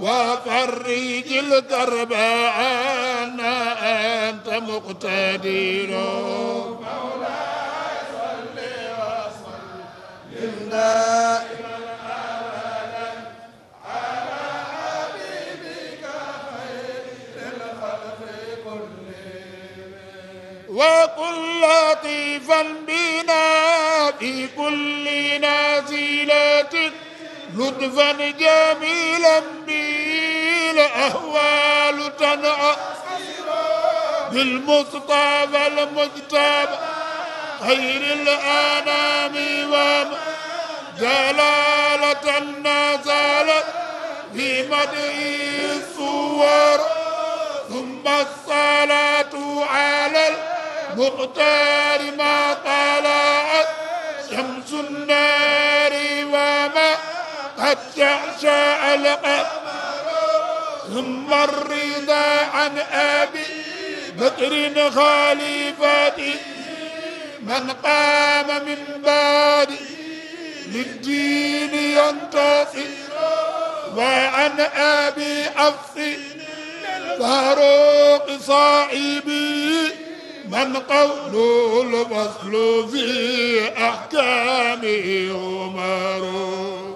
وفرج الكرب أن أنت مقتدر مولاي صل وسلم دائما أبدا على حبيبك خير الخلق كلهم وقل لطيفا بنا في كل نازلة لطفا جميلا بيل أهوال تنعى بالمصطفى المجتبى خير الأنام وما جلالة نزلت في مدعي الصور ثم الصلاة على المختار ما طلعت شمس النار وما حتى جاء القمر ثم الرضا عن أبي بكر خليفتي من قام من بعدي للدين ينتصر وعن أبي أفصي فاروق صاحبي من قوله الفصل في أحكامه مروق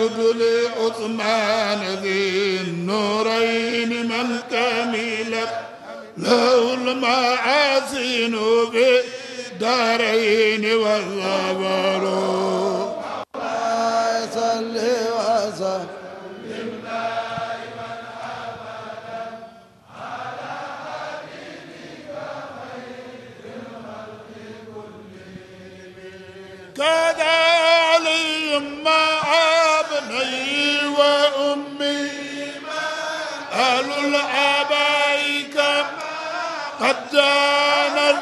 هب لعثمان ذي النورين من كملت له المعاصي بالدارين والغبرون قد جانا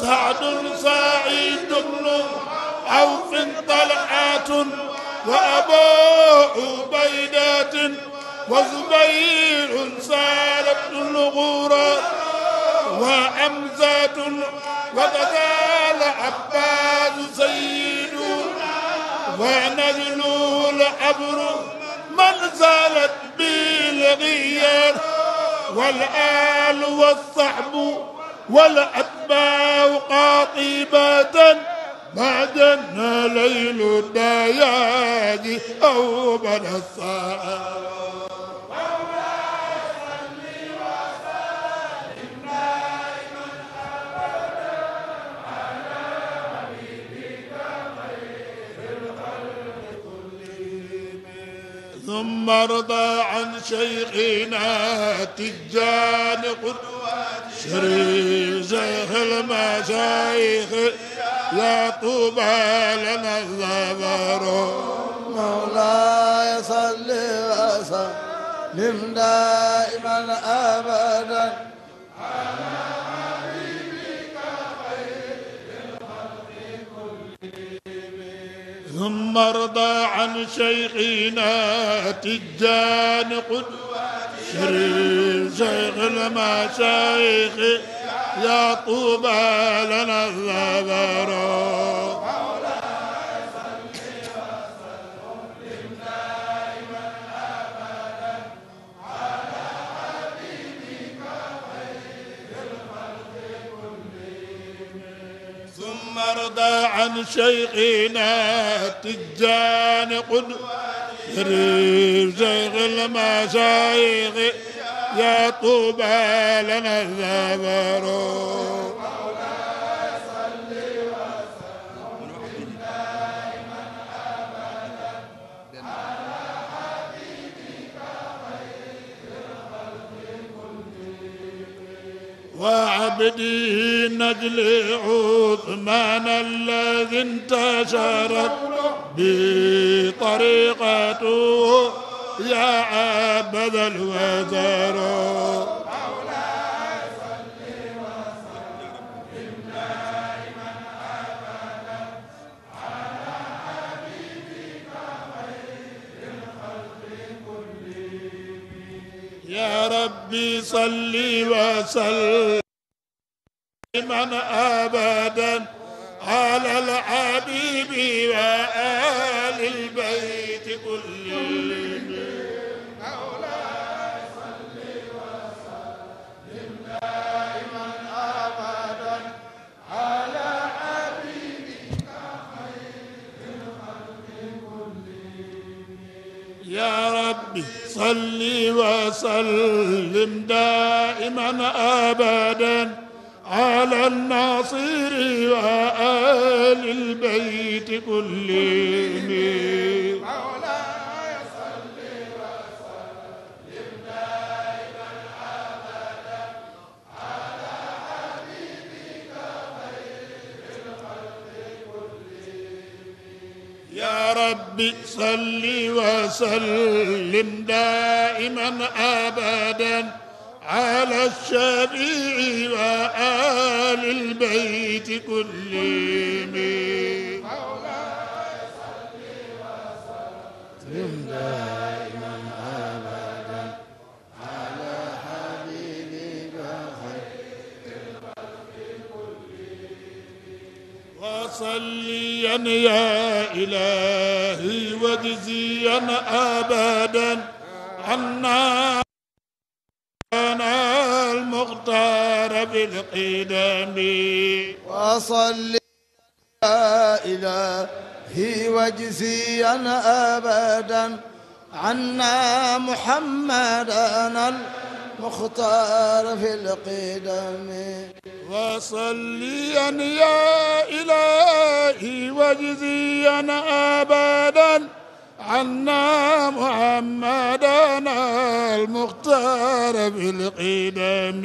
سعد سعيد بن عوف طلعات وأبو عبيدات وزبير سالب بن غورة وامزات وكذال عباد سيد ونجل العبر من زالت بالغيار والآل والصحب والأتباع قاطبة بعد ليل الدياج أو بل الساعة ثم ارضى عن شيخنا تجان قدوات شريزه المشايخ لا طوبى لنا الظفر مولاي صل وسلم دائما ابدا ثم ارضى عن شيخنا تجان قد شريف شيخ المشايخ يا طوبى لنا الثبرات وارضى عن شيخنا تجان قدواني شيخ المشايخ يا طوبى لنا الزبرون وعبده نجل عثمان الذي انتشرت بطريقته يا عبد الوزراء يا ربي صل وسلم أبدا على الحبيب وآل البيت كلهم ربي صلي وسلم دائما أبدا على الناصر وآل البيت كلهم الحبيب صل وسلم دائما ابدا على الشفيع وآل البيت كلهم مولاي صل وسلم دائما صليا يا إلهي وجزيا أبدا عنا أنا المختار بالقدم وصلي يا إلهي وجزيا أبدا عنا محمدا مختار في القدم وصليا يا إلهي واجزيا أبدا عنا محمدنا المختار في القدم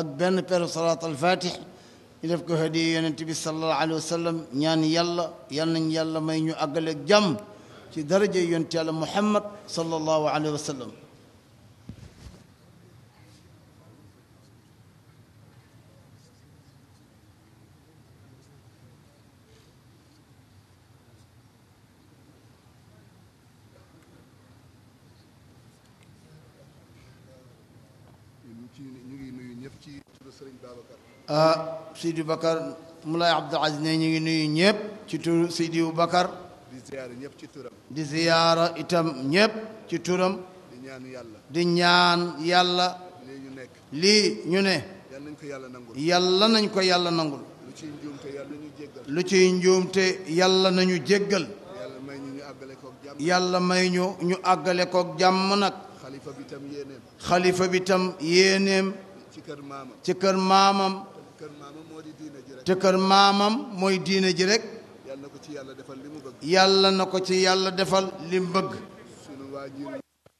أقبلنا بير صلاة الفاتح إلى فكو هدي النبي صلى الله عليه وسلم نيان يلا يلا يلا ما ينو أقل جم في درجة ينتهي محمد صلى الله عليه وسلم Ah, Seydi Bakar Moulay Abdou Aziz ne ñu ngi nuyu ñëpp ci tur Seydi Bakar di ziyaara ñëpp ci turam di ziyaara itam ñëpp ci turam di ñaan yàlla di ñaan yàlla lii ñu lii ñu ne yàlla nañ ko yàlla nangul yàlla nañ ko yàlla nangul lu ci njuumte yàlla nañu jéggal lu ciy njuumte yàlla nañu ñu ñu àggale koog jàmm yàlla may ñu ñu àggale koog jàmm nag xalifa bi tam yéeneem xalifa bi tam yéeneem ci kër maamam te maamam mooy diine ji rek yàlla na ko ci yàlla defal li mu bëgg yàlla na ko ci yàlla defal li mu bëgg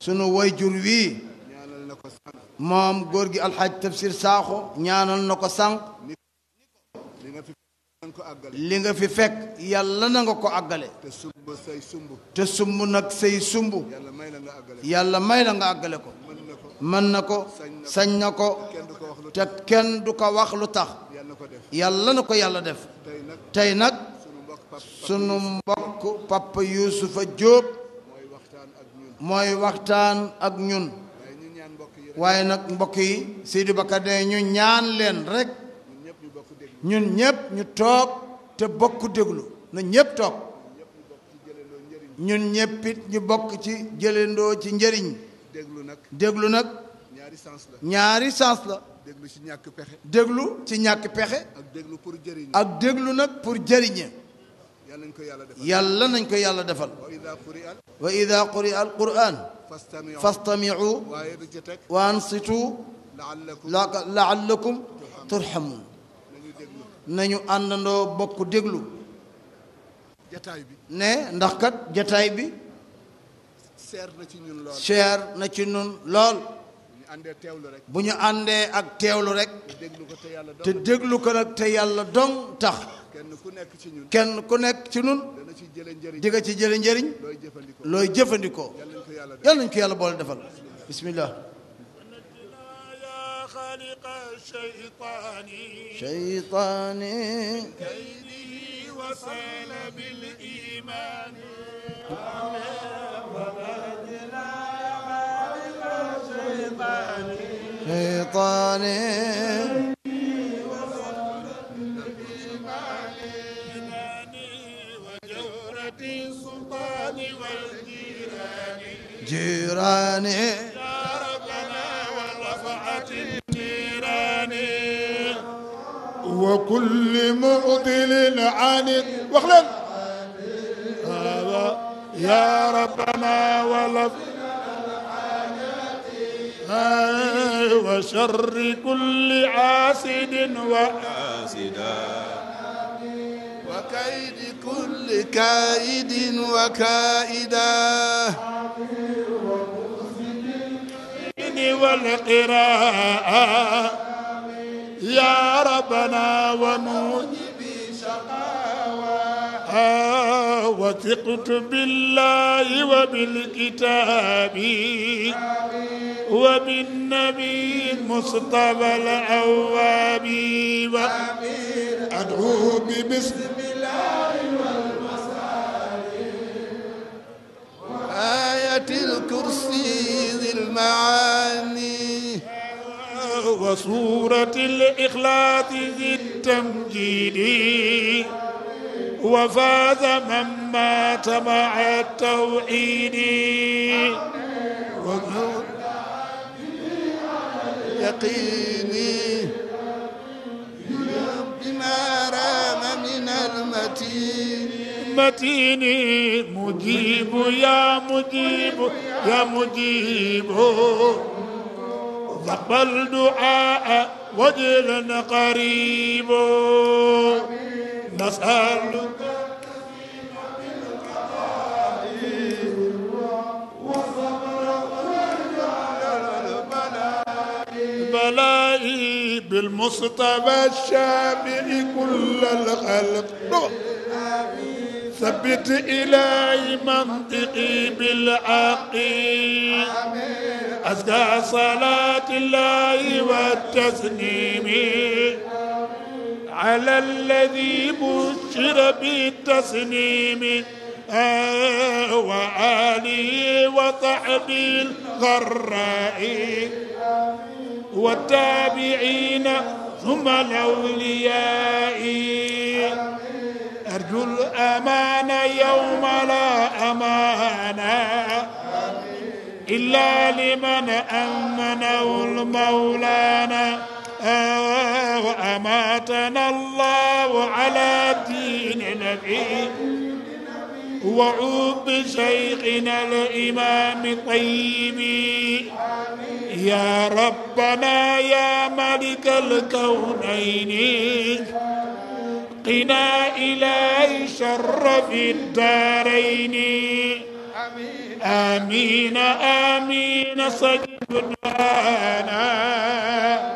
sunu wayjur wii moom góor gi alxaaj tafsir saaxo ñaanal na ko sànq li nga fi fekk yàlla na nga ko àggale te sumb say sumb te sumb nag say sumb yàlla may la nga àggale ko mën na ko sañ na ko te kenn du ko wax lu tax yàlla na ko yàlla def tey nag sunu mbokk papa Yuusufa Jóob mooy waxtaan ak ñun waaye nag mbokk yi Seydi Bakar ne ñu ñaan leen rekk ñun ñëpp ñu toog te bokk déglu na ñëpp toog ñun ñëppit ñu bokk ci jëlendoo ci njëriñ déglu nag ñaari sens la déglu ci ñàkk pexe. déglu ci ñàkk pexe. ak déglu pour jëriñe. ak déglu nag pour jëriñe. yàlla nañ ko yàlla defal yàlla nañ ko yàlla defal. wa ida quri'a al qur'an. fastami'u wa ansitu. la'allakum turhamun nañu àndandoo bokk déglu. jataay bi ne ndax kat jataay bi. seer na ci ñun lool. bu ñu àndee ak teewlu rek te déglu ko nag te yàlla dong tax kenn ku nekk ci ñun di nga ci jële njëriñ looy jëfandikoo yàlla nañ ko yàlla boole defal bismillah shaytaani wasala bil iman شيطاني جيراني يا ربنا ورفعت جيراني وكل معضل عن وخلل يا ربنا ولفعت وشر كل عاسد وآسدا وكيد كل كائد وكائدا والقراءة يا ربنا وموجب شقائنا آه، وثقت بالله وبالكتاب وبالنبي المصطفى الأواب أدعوه ببسم الله آية الكرسي ذي المعاني وسورة الإخلاص ذي التمجيد وفاز من مات مع التوحيد يقيني بما رام من المتين متين مجيب يا مجيب يا مجيب تقبل دعاء وجل قريب آمين نسألك بلائي بالمصطفى الشافع كل الخلق ثبت إلهي منطقي بالحق أزكى صلاة الله والتسليم على الذي بشر بالتسليم آه، وآله وصحبه الغراء والتابعين ثم الأولياء أرجو الأمان يوم لا أمان إلا لمن أمنه المولانا آه، وأماتنا الله على دين نبي وعوب شيخنا الإمام طيب يا ربنا يا ملك الكونين قنا إلى شر في الدارين آمين آمين صدقنا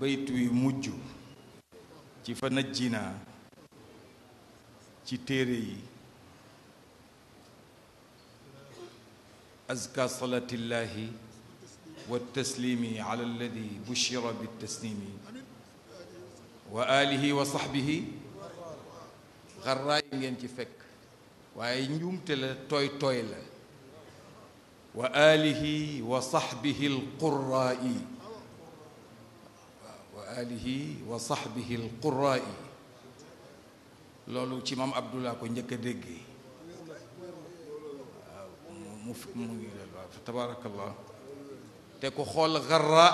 bayt wi mujj ci fa najjinaa ci téere yi azka salaatillahi wa taslimi ala alladi bushira bitaslimi wa alihi wa sahbihi xarraay ngeen ci fekk waaye njuumte la tooy tooy la وآله وصحبه القراء وآله وصحبه القراء لولو تي عبد الله كو نيك دغي تبارك الله تكو خول غرا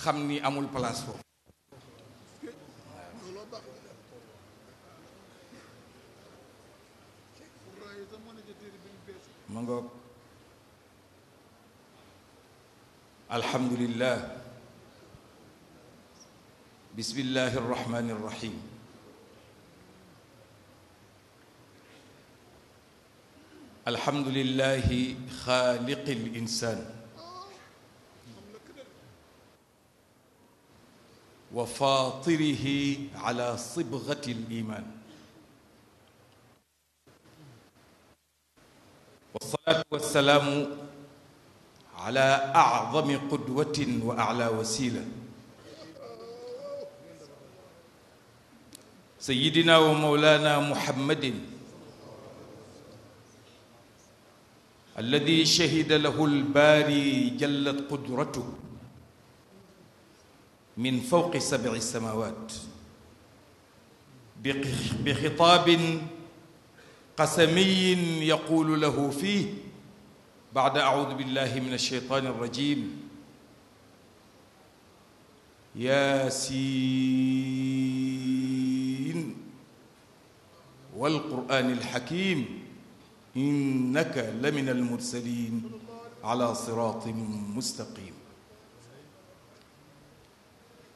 خمني امول بلاص الحمد لله بسم الله الرحمن الرحيم الحمد لله خالق الإنسان وفاطره على صبغة الإيمان والصلاة والسلام على أعظم قدوة وأعلى وسيلة سيدنا ومولانا محمد الذي شهد له الباري جلت قدرته من فوق سبع السماوات بخطاب قسمي يقول له فيه بعد أعوذ بالله من الشيطان الرجيم ياسين والقرآن الحكيم إنك لمن المرسلين على صراط مستقيم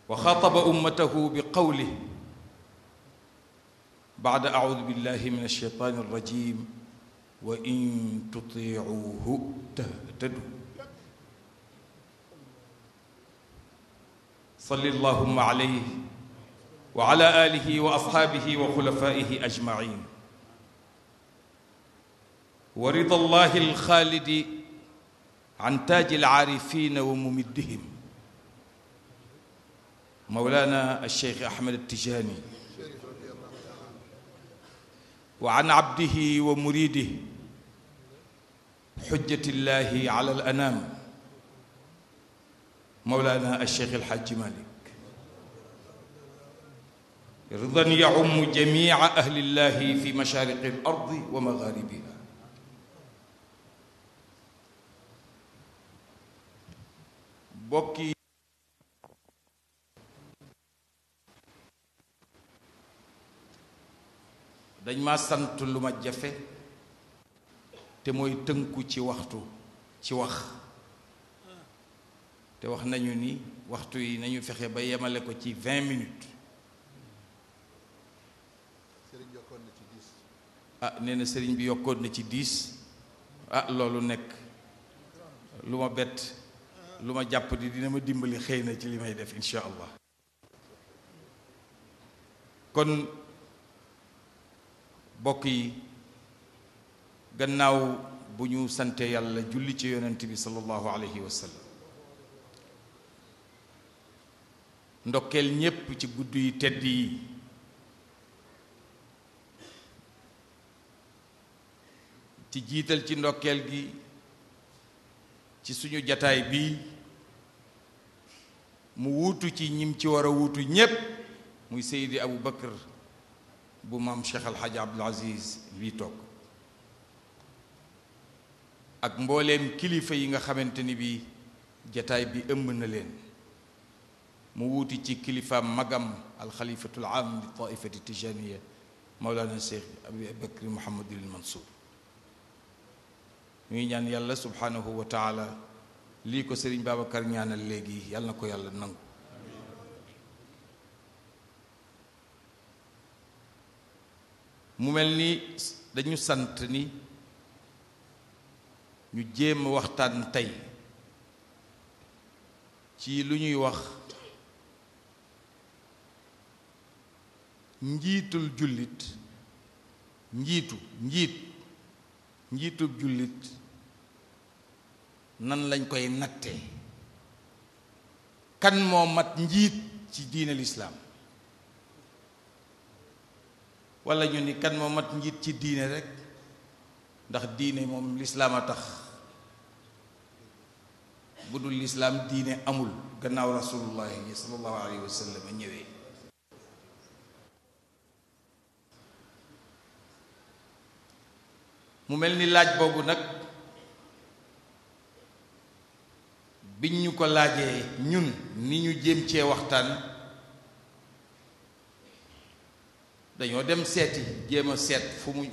وخاطب أمته بقوله بعد أعوذ بالله من الشيطان الرجيم وإن تطيعوه تهتدوا صل اللهم عليه وعلى آله وأصحابه وخلفائه أجمعين ورضا الله الخالد عن تاج العارفين وممدهم مولانا الشيخ أحمد التجاني وعن عبده ومريده حجة الله على الأنام مولانا الشيخ الحاج مالك رضا يعم جميع أهل الله في مشارق الأرض ومغاربها بوكي dañ ma sant te mooy tënku ci waxtu ci wax te wax nañu ni waxtu yi nañu fexe ba yemale ko ci vingt minutes ah nee na sëriñ bi yokkoon na ci dix a ah, loolu nekk lu ma bett lu ma jàpp di dina ma dimbali xëy na ci li may def incha allah kon bokk yi gannaaw bu ñu sante yàlla julli ci yonent bi sallallahu alayhi wa ndokkeel ñépp ci gudd yi tedd yi ci jiital ci ndokkeel gi ci suñu jataay bi mu wuutu ci ñim ci war a wuutu ñépp muy Seydi Abou Bakr bu maam Cheikh Alhaji Abdoul Aziz bii toog ak mbollem kilifa yi nga xamanteni bi jotaay bi eum na len mu wuti ci kilifa magam al am li taifati tijaniya مولانا الشيخ ابي بكر محمد المنصور ني نيان yàlla سبحانه وتعالى taala lii ko sëriñ نيانال ليغي يال نكو na نان مو ملني دانيو سانت ني ñu jéem waxtaan tey ci lu ñuy wax njiitul jullit njiitu njiit njiitu jullit nan lañ koy nagte kan moo mat njiit ci diine lislaam wala ñu ni kan moo mat njiit ci diine rekk ndax diine moom lislaam a tax bu dul lislaam diine amul gannaaw rasulullahi sallallahu alayhi wa sallam ñëwee mu mel ni laaj boobu nag biñ ñu ko laajee ñun ni ñu jéem cee waxtaan dañoo dem seeti jéem a seet fu mu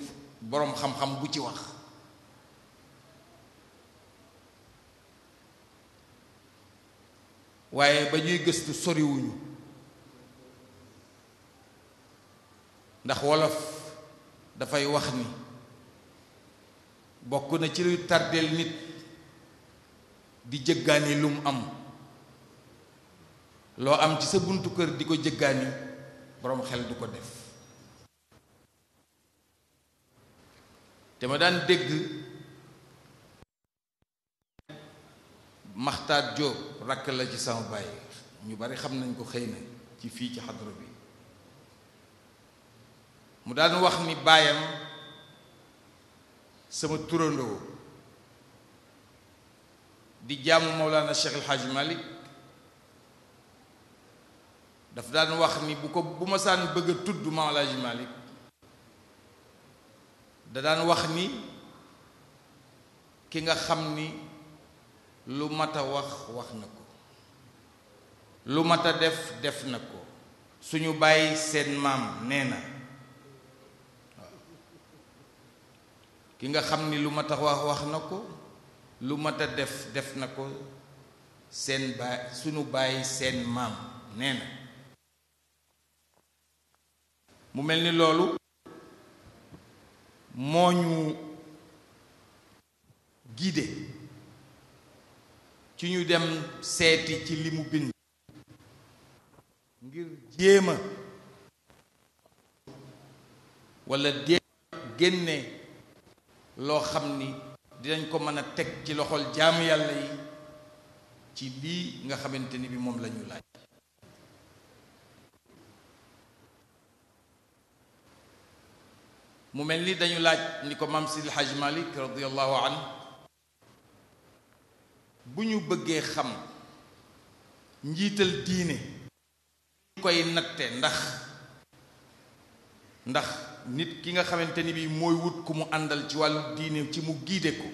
boroom xam-xam bu ci wax waaye ba ñuy gëstu soriwuñu ndax wolof dafay wax ni bokk na ci luy tardeel nit di jëggaani lu mu am loo am ci sa buntu kër di ko jëggaani boroom xel du ko def te ma daan dégg Maxtaar Jóob rakk la ci sama baay ñu bari xam nañ ko xëy na ci fii ci xadro bi mu daan wax ni baayam sama turandoo di jaamu Mawlana Cheikh El Hadj malik daf daan wax ni bu ko bu ma saan bëgg a tudd Mawlana Hadj Malick da daan wax ni ki nga xam ni lu mat a wax wax na lu mat a def def na ko suñu bàyyi seen maam nee na ki nga xam ni lu mat a wax wax na ko lu mat a def def na ko seen baay suñu bàyyi seen maam nee na mu mel ni loolu moo ñu guidé ci ñu dem seeti ci li mu bind ngir jéema walla jéem génne loo xam ni dinañ ko mën a teg ci loxol jaamu yàlla yi ci lii nga xamante ni bi moom la ñu laaj mu mel ni dañu laaj ni ko maam Sidi Haj Malik radiallahu an bu ñu bëggee xam njiital diine koy natte ndax ndax nit ki nga xamante ni bii mooy wut ku mu àndal ci wàllu diine ci mu giide ko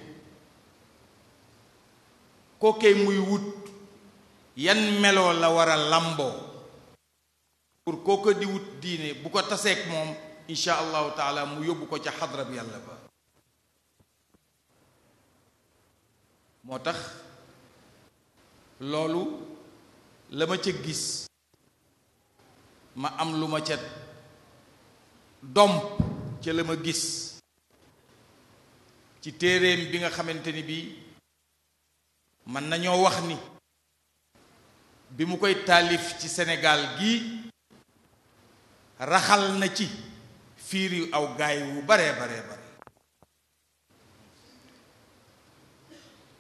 kookee muy wut yan meloo la war a làmboo pour kooko di wut diine bu ko taseek moom incha allahu taala mu yóbbu ko ca xadra yàlla ba moo tax loolu la ma ca gis ma am luma ma ca domp ca gis ci téeréem bi nga xamanteni bi man nañoo wax ni bi mu koy talif ci Sénégal gi raxal na ci fiir yu aw gaay wu bare bare bare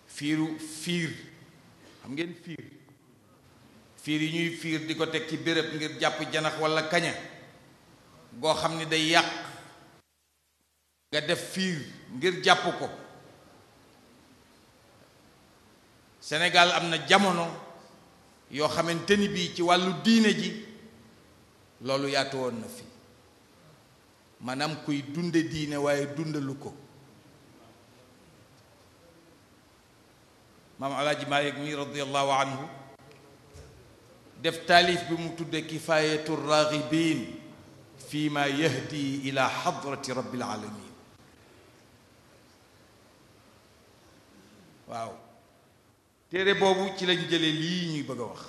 firu fiir xam ngeen fiir fiir yi ñuy fiir di ko teg ci béréb ngir jàpp janax walla kaña goo xam ni day yàq nga def fiir ngir jàpp ko senegal am na jamono yoo xamante ni bii ci wàllu diine ji loolu yaatu woon na fi maanaam kuy dunde diine waaye dundalu ko maam alaaji Maalik mi radiyallahu anhu def talif bi mu tudde kifayatur raghibin fi ma yahdi ila hadrat rabbil alamin waaw tere bobu ci lañu jële li ñuy bëgg wax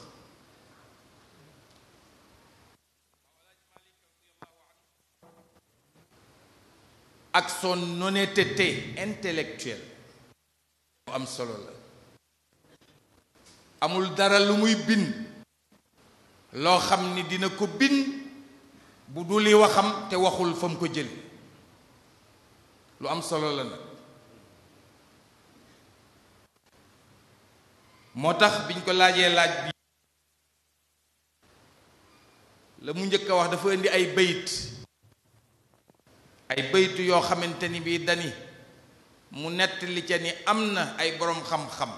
ak son honnêteté intellectuelle am solo la amul dara lu muy bind loo xam ni dina ko bind bu du li waxam te waxul fa mu ko jël lu am solo la na moo tax biñ ko laajee laaj bi la mu njëkk a wax dafa indi ay bayit ay baytu yoo xamante ni bii dani mu nettali ca ni am na ay boroom xam-xam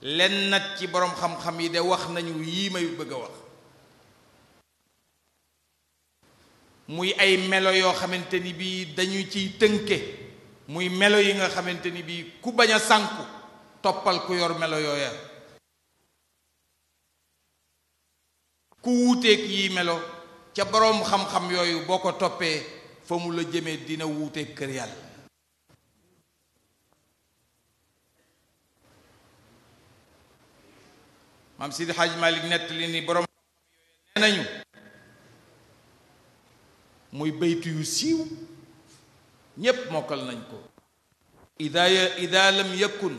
lenn nag ci boroom xam-xam yi de wax nañu yi may bëgg a wax muy ay melo yoo xamante ni bii dañu ciy tënke muy melo yi nga xamante ni bii ku bañ a sànku toppal ku yor melo yooya ku wuuteeg yi melo ca boroom xam-xam yooyu boo ko toppee fa mu la jëme dina wuuteeg kër yàlla maam Sidi Hadj Malick nettali ni boroom nee nañu muy baytu yu siiw ñépp mokkal nañ ko ida ida lam yakun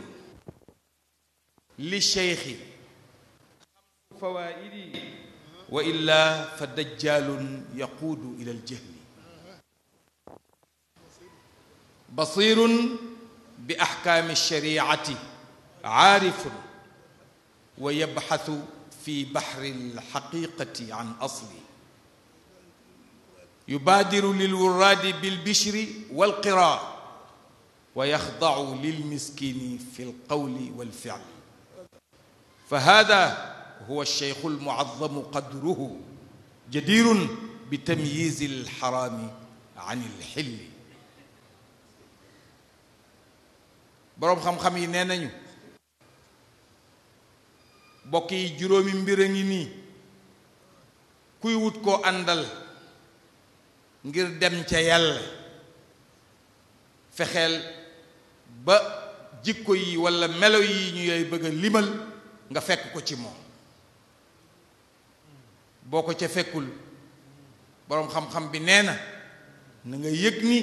li shaykhi fawaidi wa illa fa dajjalun yaqudu ila al jahl بصير بأحكام الشريعة عارف ويبحث في بحر الحقيقة عن أصله يبادر للوراد بالبشر والقراء ويخضع للمسكين في القول والفعل فهذا هو الشيخ المعظم قدره جدير بتمييز الحرام عن الحل بروم خم خمي yi بوكي nañu bokk yi juróomi كو a ngir dem ca yàlla fexeel ba jikko yi walla melo yi ñu yooy bëgg a limal nga fekk ko ci moom boo ko ca fekkul boroom xam-xam bi nee na na nga yëg ni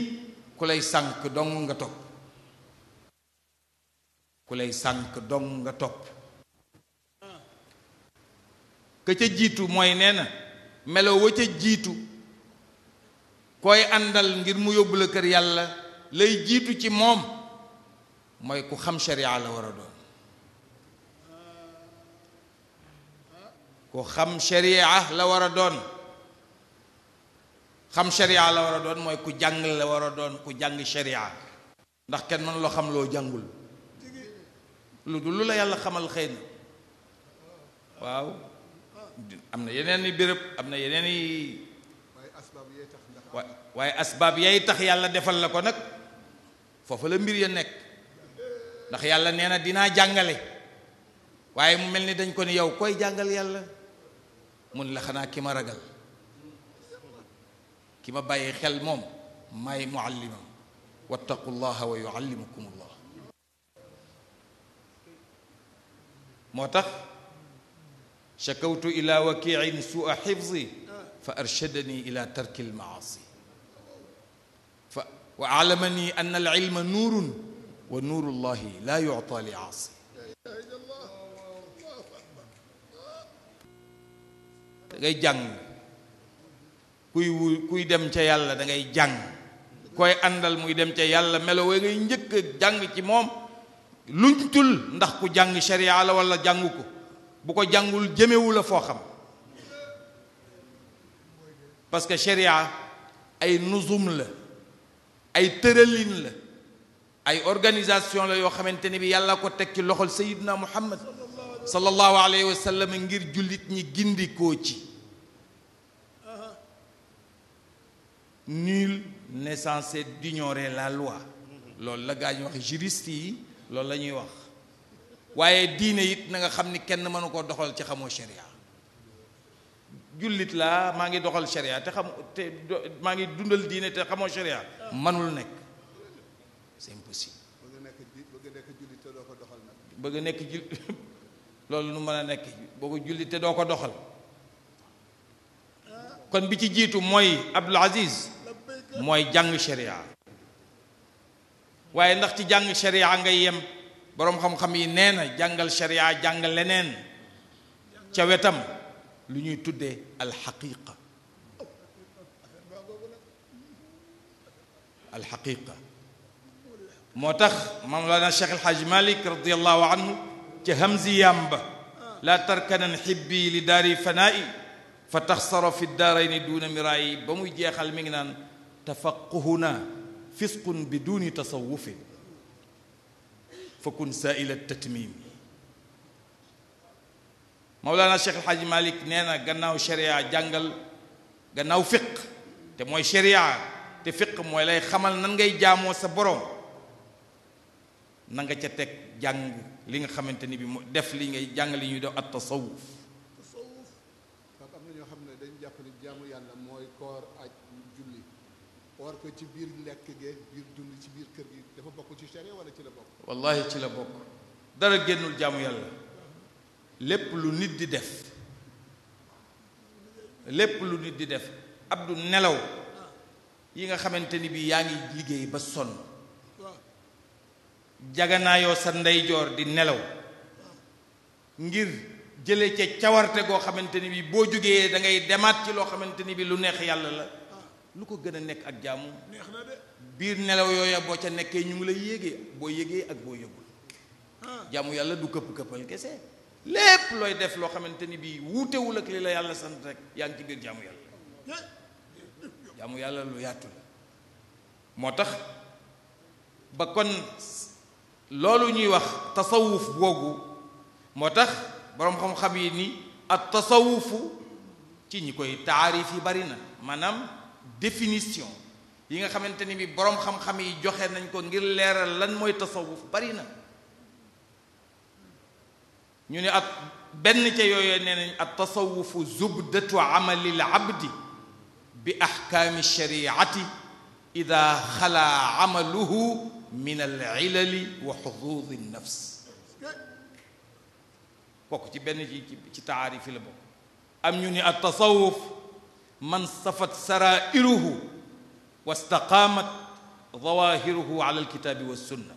ku lay sànk dong nga topp ku lay sànk dong nga topp ka ca jiitu mooy nee na melo wa ca jiitu koy àndal ngir mu yóbbu la kër yàlla lay jiitu ci moom mooy ku xam sharia la war a doon ku xam sharia la war a doon xam sharia la war a doon mooy ku jàng la war a doon ku jàng sharia ndax kenn mën loo xam loo jàngul lu dul lu la yàlla xamal xëy na waaw am na yeneen i béréb am na yeneen i waaye asbaab yay tax yàlla defal la ko nag foofu la mbir ya nekk ndax yàlla nee na dinaa jàngale waaye mu mel ni dañ ko ni yow koy jàngal yàlla mun la xanaa ki ma ragal ki ma bàyyi xel moom maay muallimam wattaqu llaha wa yuallimukum llah moo tax shakawtu ila wakiin sua xifzi fa arshadani ila tarki almaasi وأعلمني أن العلم نور ونور الله لا يعطى لعاصي da ngay jàng kuy wu kuy dem ca yàlla da ngay jàng koy àndal muy dem ca yàlla melo wee ngay njëkk jàng ci moom luñtul ndax ku jàng sharia la wala jàngu ko bu ko jàngul jëmewu la foo xam parce que sharia ay nuzum la ay tëralin la ay organisation la yoo xamante ne bi yàlla ko teg ci loxol sayidna muhammad sallallahu alayhi wa sallam ngir jullit ñi gindi gindikoo ci nul n'est censé d'ignorer la loi loolu la gaa wax juriste yi loolu la ñuy wax waaye diine it na nga xam ni kenn mënu koo doxal ci xamoo sharia jullit laa maa ngi doxal sharia te xam te maa ngi dundal diine te xamoo sharia manul nekk c'est impossible nekk loolu nu mën a nekk boo ko jullit te doo ko doxal kon bi ci jiitu mooy Abdul Aziz mooy jàng sharia waaye ndax ci jàng sharia ngay yem boroom xam-xam yi nee na jàngal sharia jàng leneen ca wetam لو ني الحقيقه الحقيقه موتخ مولانا الشيخ الحاج مالك رضي الله عنه كهمز يامب لا تركن حبي لداري فنائي فتخسر في الدارين دون مرائي بمو جيخال مينان تفقهنا فسق بدون تصوف فكن سائل التتميم مولانا الشيخ الحاج مالك نينا غناو شريعة جنجل غناو فقه تي موي شريعة تي فقه موي لاي خمال نان غاي جامو سا بروم نان تي تك جانغ ليغا خامتاني بي ديف لي جانغ لي نيو التصوف war ko ci biir lekk ge biir lépp lu nit di def lépp lu nit di def ab du nelaw yi nga xamante ni bii yaa ngi liggéey ba sonn jaganaayoo sa ndeyjoor di nelaw ngir jële ca cawarte goo xamante ni bi boo jógee da ngay demaat ci loo xamante ni bi lu neex yàlla la lu ko gën a nekk ak jaamu biir nelaw yooya boo ca nekkee ñu ngi lay yéegee boo yégee ak boo yëgul ah. jaamu yàlla du këpp-këppal kese lépp looy def loo xamante ni bii wuutewul ak li la yàlla sant rek yaa ngi ci biir jaamu yàlla jaamu yàlla lu yaatu moo tax ba kon loolu ñuy wax tasawuf boogu moo tax boroom xam-xam yi ni ak tasawufu ci ñi koy taarif yi bari na maanaam définition yi nga xamante ni bi boroom xam-xam yi joxe nañ ko ngir leeral lan mooy tasawuf bari na ñu ne at benn ca yooyu nee nañ at tasawufu zubdatu amali labdi bi ahkaami shariati ida xalaa amaluhu min alilali wa xuduudi nafs bokk ci benn ci ci taarifi la bokk am ñu ni at tasawuf man safat sarairuhu wastaqaamat dawahiruhu ala alkitaabi wassunna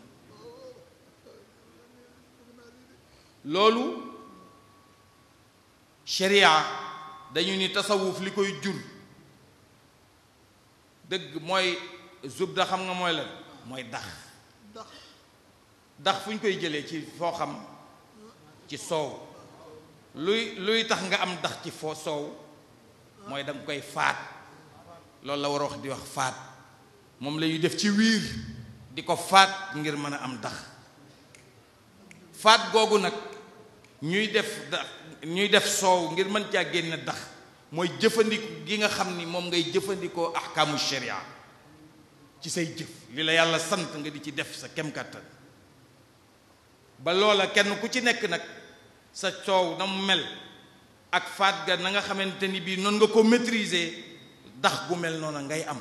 loolu sharia dañu ni tasawuf li koy jur dëgg mooy da xam nga mooy lan mooy dax dax fu ñu koy jëlee ci foo xam ci soow luy luy tax nga am dax ci foo soow mooy danga koy faat loolu la war a wax di wax faat moom la ñuy def ci wiir di ko faat ngir mën a am dax faat googu nag ñuy def da ñuy def soow ngir mën caa génn dax mooy jëfandik gi nga xam ni moom ngay jëfandikoo ahkaamu sharia ci say jëf li la yàlla sant nga di ci def sa kem kàttan ba loola kenn ku ci nekk nag sa coow na mu mel ak faat ga na nga xamante ni bii noonu nga ko maîtriser dax gu mel noonu ngay am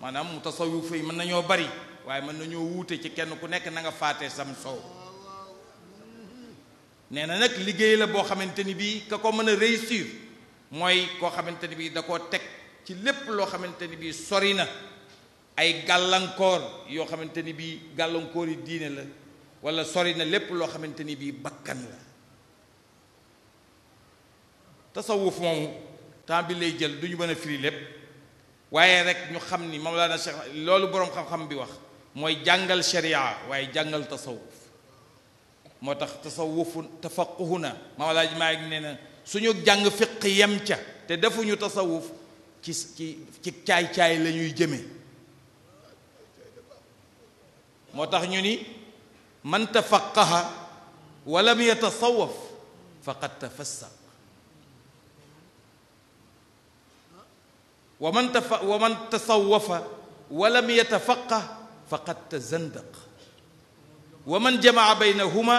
maanaam mu tasawuf yi mën nañoo bari waaye mën nañoo wuute ci kenn ku nekk na nga faatee sam soow nee na nag liggéey la boo xamante ni bii ka ko mën a réussir mooy koo xamante ni bii da koo teg ci lépp loo xamante ni bii sori na ay gàllankoor yoo xamante ni bii gàllankoor yi diine la walla sori na lépp loo xamante ni bii bakkan la tasawuf moomu temps bi lay jël du ñu mën a firi lépp waaye rek ñu xam ni Mawlana Cheikh loolu boroom xam-xam bi wax mooy jàngal sharia waaye jàngal tasawuf moo tax tasawufu tafaqquhuna mawlaaji Maalik nee na suñu jàng fiq yem ca te defuñu tasawuf ci ci ci caay-caay la ñuy jëme moo tax ñu ni man tafaqaha wa lam yatasawaf faqad tafassaq wa man tafa wa man tasawafa wa lam yatafaqah faqad tazandaq wa man jamaa baynahuma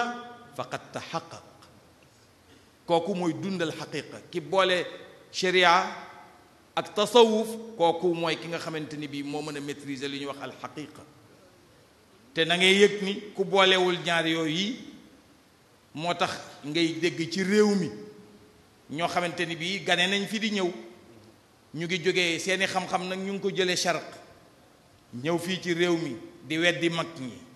faqad taxaqaq kooku mooy dundal xaqiqa ki boole sharia ak tasawuf kooku mooy ki nga xamante ni bii moo mën a maîtriser li ñuy wax alxaqiqa te na ngay yëg ni ku boolewul ñaar yooyu yi moo tax ngay dégg ci réew mi ñoo xamante ni bii gane nañ fi di ñëw ñu ngi jógee seeni xam-xam nag ñu ngi ko jëlee charq ñëw fii ci réew mi di weddi mag ñi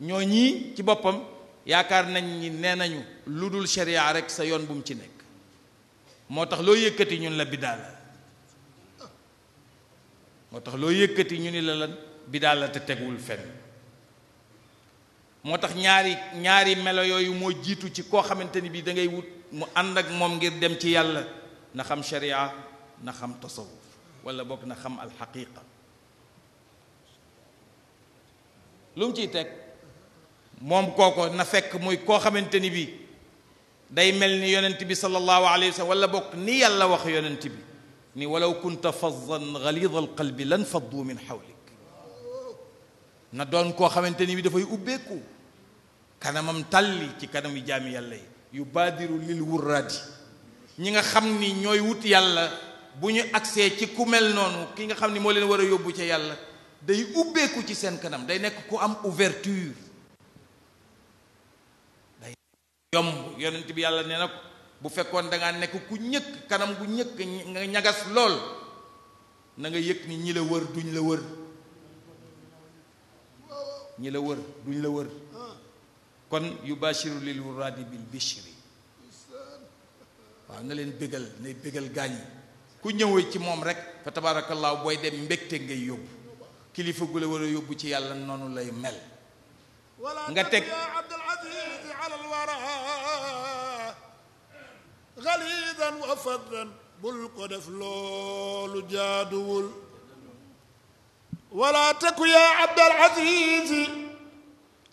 ñoo ñii ci boppam yaakaar nañ ni nee nañu lu dul sharia rek sa yoon bu mu ci nekk moo tax loo yëkkati ñun la biddaa la moo tax loo yëkkati ñu ni la lan biddaa la te tegwul fenn moo tax ñaari ñaari melo yooyu moo jiitu ci koo xamante ni bii da ngay wut mu ànd ak moom ngir dem ci yàlla na xam sharia na xam tasawuf wala bokk na xam alxaqiqa lu mu ciy teg moom kooko na fekk muy koo xamante ni bi day mel ni yonent bi sallallahu alayhi wa sallam wala bokk ni yàlla wax yonent bi ni walaw kunta fazan galida alqalbi lan faddu min xawlik na doon koo xamante ni bi dafay ubbeeku kanamam tàlli ci kanam yu jaami yàlla yi yu baadiru lil wurraadi ñi nga xam ni ñooy wut yàlla bu ñu agsee ci ku mel noonu ki nga xam ni moo leen war a yóbbu ca yàlla day ubbeeku ci seen kanam day nekk ku am ouverture yomb yonent bi yàlla nee na ko bu fekkoon da ngaa nekk ku ñëkk kanam gu ñëkk nga ñagas lool na nga yëg ni ñi la wër duñ la wër ñi la wër duñ la wër kon yubashiru lil wuraadi bil bishri waaw na leen bégal nay bégal gaañ yi ku ñëwee ci moom rek fa tabaarakallaahu booy dem mbégte ngay yóbbu kilifa gu la war a yóbbu ci yàlla noonu lay mel nga teg على الورى غليظا وفظا بل قد فلول جادول ولا تك يا عبد العزيز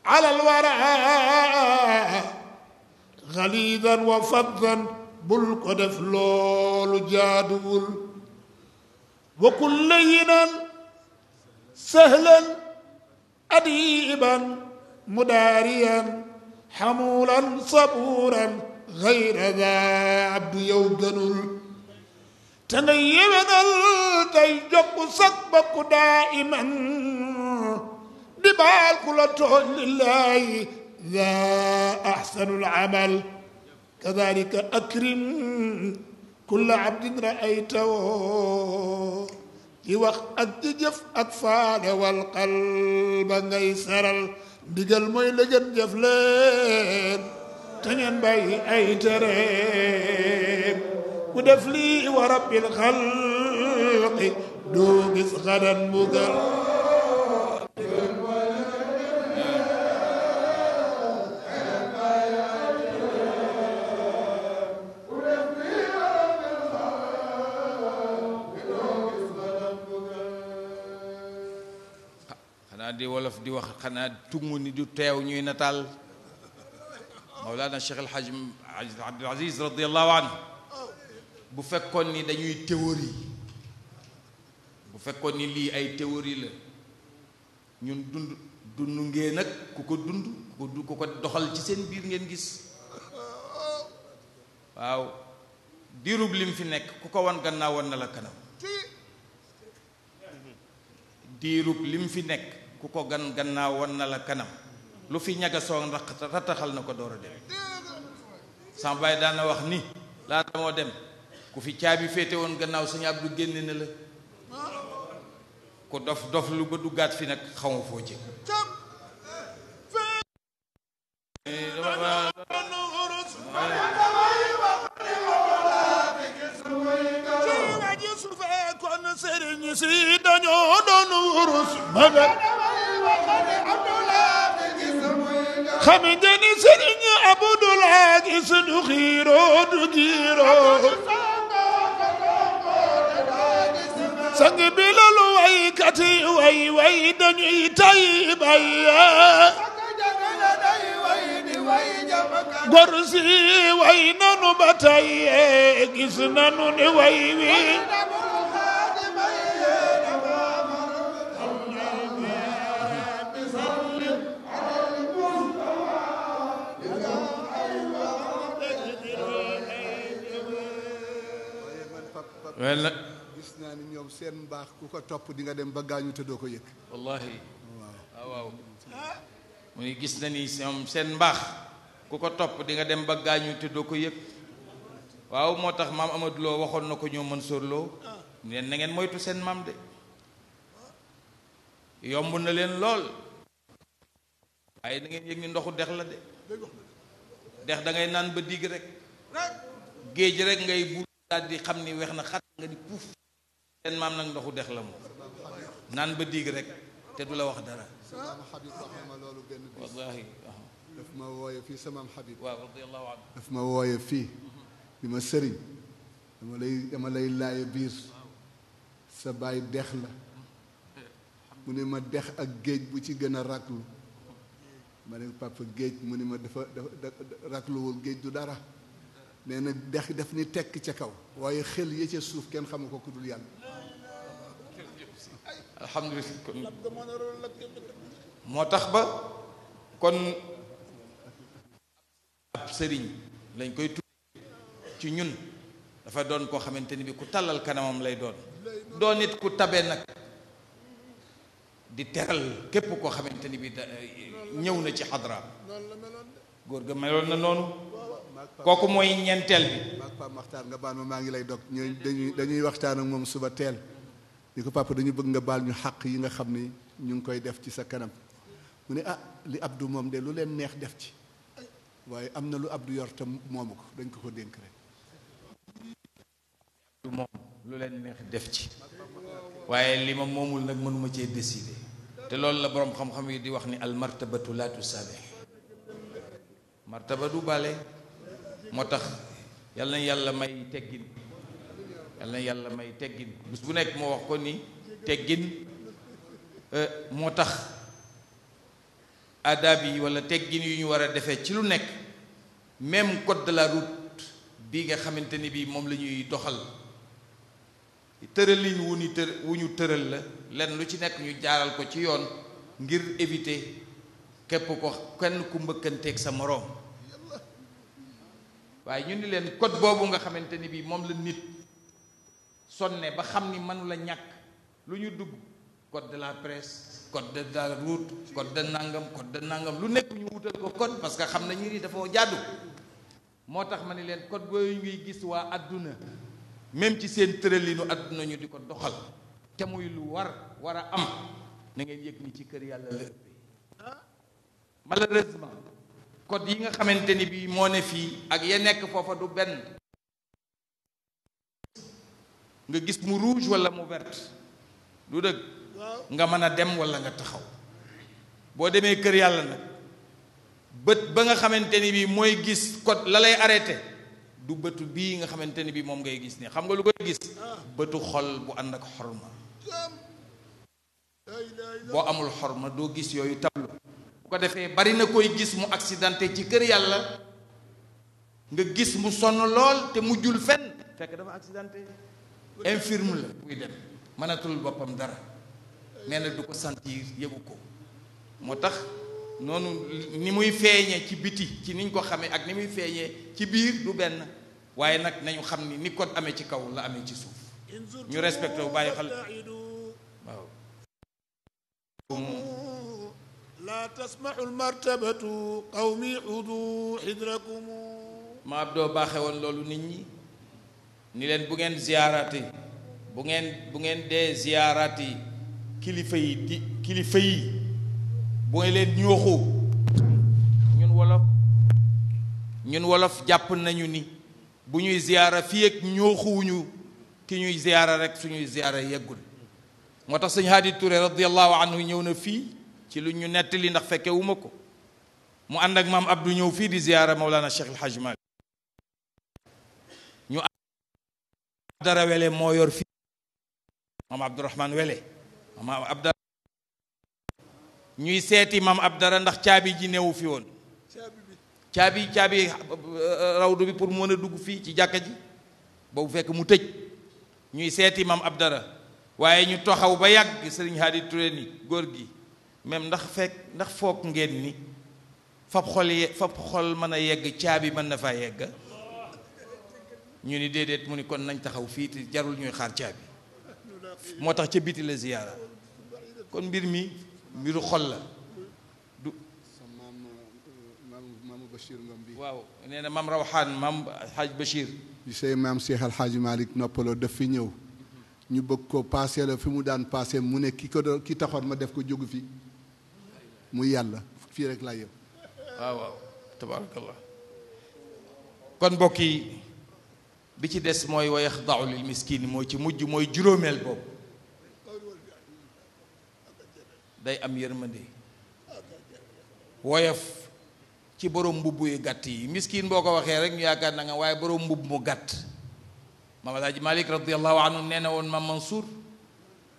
على الورى غليظا وفظا بل قد فلول جادول وكن لينا سهلا أديبا مداريا حمولا صبورا غير ذا عبد يوغن تنيبنا الديجق سكبك دائما دبال كل لله ذا أحسن العمل كذلك أكرم كل عبد رأيته يوخ أدجف أطفال والقلب غيسر ndigal mooy la gën jëf leen te ngeen bàyyi ay tereem ku def lii wa rabbil xalqi doo gis xadan mbugal di wax xana tumu ni du tew ñuy natal Mawlana Cheikh al El abd al Aziz radiyallahu anhu bu fekkon ni dañuy théorie bu fekkon ni li ay théorie la ñun dund dund ngeen nak ku ko dund ku ko doxal ci seen biir ngeen gis waaw dirub lim fi nek ku ko wan gannaaw wan na la kanam dirub lim fi nek ku ko gan gannaaw wan na la kanam lu fi ñagasoon rataxal na ko door a dem sama baay daan wax ni laata moo dem ku fi caabi féete woon gannaaw sëñ Abdu génne na la ku dof dof lu ba duggaat fi nag xamu foo jëm sëriñ si dañoo doon wurus xam nga ni sëriñ Abdul Aziz du xiiroo du jiiroo sang bi lalu waykat yi way way dañuy tay bay góor way nanu ba tay gis nanu ni way wi wala uh, gis naa ni ñoom seen mbaax ku ko topp di nga dem ba gaañu te doo ko yëg wallahi waaw waaw mu ni gis na ni ñoom seen mbaax ku ko topp di nga dem ba gaañu te doo ko yëg waaw moo tax maam amadou loo waxoon na ko ñoo mën sóorloo neen na ngeen moytu seen maam de yomb na leen lool waaye da ngeen yëg ni ndoxu dex la de dex da ngay naan ba digg rek géej rek ngay buur daal di xam ni weex na xat nga di puuf seen maam la moom ba diig rek te la wax dara wallaahi daf ma wooye fii samaam Habib waaw radiyallahu anhu ma wooye fii bi ma sëriñ dama lay dama lay laaye biir sa baay dex la mu ne ma dex ak géej bu ci gën a raglu ma ne papa géej mu ne ma dafa dafa ragluwul géej du dara nee na dex def ni tekk ca kaw waaye xel ya ca suuf kenn xamu ko ku dul yàlla alhamdulilah kon moo tax ba kon ab sëriñ lañ koy tudd ci ñun dafa doon koo xamante ni bi ku tàllal kanamam lay doon doon it ku tabe nag di teral képp koo xamante ni bi ñëw na ci xadra góor ga meloon na noonu kooku mooy ñeenteel bi maag Pape Makhtar nga baal ma maa ngi lay dog ñu dañuy dañuy waxtaan ak moom suba teel ni ko papa dañu bëgg nga baal ñu xàq yi nga xam ni ñu ngi koy def ci sa kanam mu ne ah li Abdou moom de lu leen neex def ci waaye am na lu abdu yorta te moomu ko dañ ko ko dénk rek lu leen neex def ci waaye li ma moomul nag mënuma cee décider te loolu la boroom xam-xam di wax ni almartabatu la tusabih martaba du bale moo tax yal na yàlla may teggin yal na yàlla may teggin bés bu nekk moo wax ko ni teggin euh, moo tax adab yi wala teggin yu ñu war a defee ci lu nekk même code de la bii nga xamante ni bii moom la ñuy doxal tëralin wu ñu tër wu ñu tëral la lenn lu ci nekk ñu jaaral ko ci yoon ngir éviter képp ko kenn ku mbëkkanteeg sa moroom waaye ñu ni leen code boobu nga xamante ni bii moom la nit sonne ba xam ni mënula ñàkk lu ñu dugg code de la presse code de la route code de nangam code de nangam lu nekk ñu wutal ko code parce que xam nañu ni dafa jàddu moo tax ma ne leen code boobu ñuy gis waa àdduna même ci seen tëralinu àdduna ñu di ko doxal ca muy lu war war a am na ngeen yëg ni ci kër yàlla la ëppee ah. malheureusement code yi nga xamanteni monefi, mo ne fi ak ya nek fofa du ben nga gis mu rouge wala mu vert du deug nga dem wala nga taxaw bo demee kër yalla nak beut ba nga xamanteni bi moy gis code la lay arrêté du beutu bi nga xamanteni bi mom ngay gis ni xam nga lu koy gis ah. beutu xol bu anak ak xorma amul xorma do gis yoyu tablo ko defee bari na koy gis mu accidenté ci kër yàlla nga gis mu sonn lool te mujjul fenn fekk dafa accidenté infirme la buy dem mënatul boppam dara nee na du ko sentir yëgu ko moo tax noonu ni muy feeñee ci biti ci niñ ko xamee ak ni muy feeñee ci biir du benn waaye nag nañu xam ni ni kon amee ci kaw la amee ci suuf ñu respecté bu bàyyi xel waaw la tasmaxu almartabatu qawmi xudu xidrakum ma Abdou baaxe woon loolu nit ñi ni leen bu ngeen ziyaarati bu ngeen bu ngeen dee ziyaarati kilifa yi di kilifa yi booy leen ñuuxu ñun wolof ñun wolof jàpp nañu ni bu ñuy ziyaara fii ak ñooxuwuñu ki ñuy ziyaara rek suñuy ziyaara yeggul moo tax sëñ Hadi radiallahu anhu ñëw na fii ci lu ñu nettali ndax fekke wu mako mu ànd ak mam Abdou ñëw fi di ziyaara maulana Cheikh El hajj mal ñu dara wele mo yor mam abdou rahman wele mam abda ñuy séti mam Abdara ndax caabi ji newu fi bi caabi caabi rawdu bi pour mo na dugg fi ci jàkka ji bo fekk mu tejj ñuy séti mam Abdara waye ñu toxaw ba yag Serigne Hadi Touré ni gor gi même ndax fek ndax fok ngeen ni fab xol ye fab xol mën a yegg caabi man na fa yegg ñu ni dedet mu ni kon nañ taxaw fi te jarul ñuy xaar caabi moo tax ca biti la ziyaara kon mbir mi mbiru xol la du waaw nee na maam rawxaan maam xaaj Bachir di say maam Cheikh Al Hadj Malick daf fi ñëw ñu bëgg ko paase la fi mu daan paase mu ne ki ko ki taxoon ma def ko jógu fi muy yàlla fii rek laa yem waaw waaw tabaarakallah kon mbokk yi bi ci des mooy wa yaxdau lil miskini moo ci mujj mooy juróomeel boobu day am yërmande woyof ci borom mbubb yu gàtt yi miskin boo ko waxee rek ñu yaakaar na waaye borom mbubb mu gàtt Maam Alaaji Malik radiyallahu anhu nee na woon Maam Mansour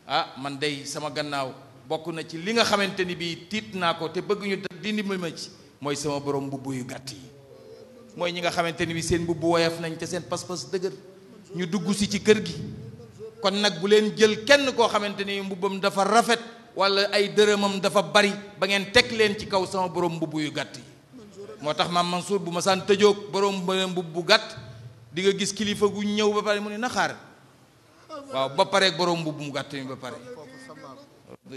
ah man day sama gannaaw bokku na ci li nga xamanteni bi tit tiit ko te bëgg ñu dindi ma ci moy sama borom bu yu gàtt yi ñi nga xamanteni bi seen bu bu woyef nañ te seen pas-pas deugër ñu dugg ci ci kër gi kon nak bu leen jël kenn ko xamanteni ni dafa rafet wala ay deureumam dafa bari ba ngeen tek leen ci kaw sama borom bu yu gàtt yi moo Mansour bu ma san tejok borom bu bu gatt di nga gis kilifa gu ñew ba pare mu ni na xaar waaw ba pare borom bu bu gatt ba pare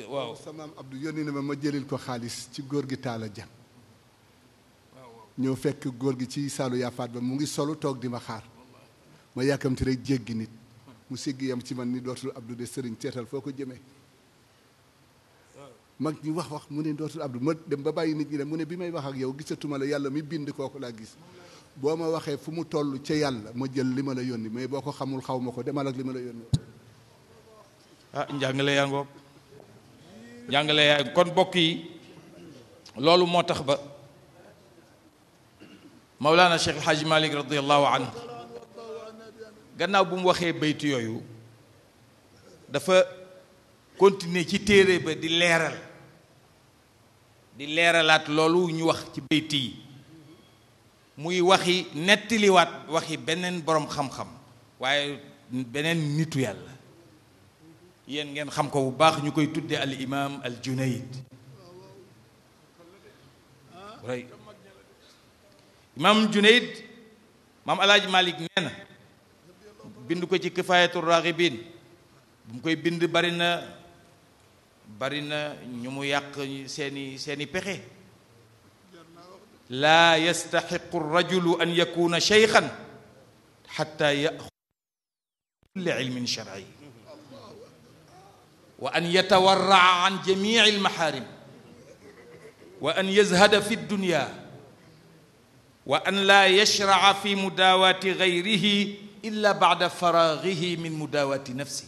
waaw am Abdou yónni na ma ma jëlil ko xaalis ci góor gi taala ja ñëw fekk góor gi ci saalu yaafaat ba mu ngi solu toog di ma xaar ma yàkkamti rek jéggi nit mu siggi yam ci man ni dootul Abdou de sëriñ seetal foo ko jëmee mag ñi wax wax mu ne dootul Abdou ma dem ba bàyyi nit ñi ne mu ne bi may wax ak yow gisatuma la yàlla mi bind kooku laa gis boo ma waxee fu mu toll ca yàlla ma jël li ma la yónni mais boo ko xamul xaw ma ko demal ak li ma la yónni ah njàngale yaa ngoog jàngale yaay kon bokk yi loolu moo tax ba maulana Cheikh El malik Malick radiallahu anhu gannaaw bu mu waxee baytu yooyu dafa continuer ci téere ba di leeral di leeralaat loolu ñu wax ci bayt yi muy waxi nettaliwaat waxi beneen borom xam-xam waaye beneen nitu yàlla yéen ngeen xam ko bu baax ñu koy tudde al imam al junayd rëy imam junayd maam alaaji malik nee na bind ko ci kifayatul raghibin bu mu koy bind bari na bari na ñu mu yàq seeni seeni pexe laa yastaxiqu rajulu an yakuna cheykhan xata yaxuda kulle ilmin sharci وأن يتورع عن جميع المحارم وأن يزهد في الدنيا وأن لا يشرع في مداواة غيره إلا بعد فراغه من مداواة نفسه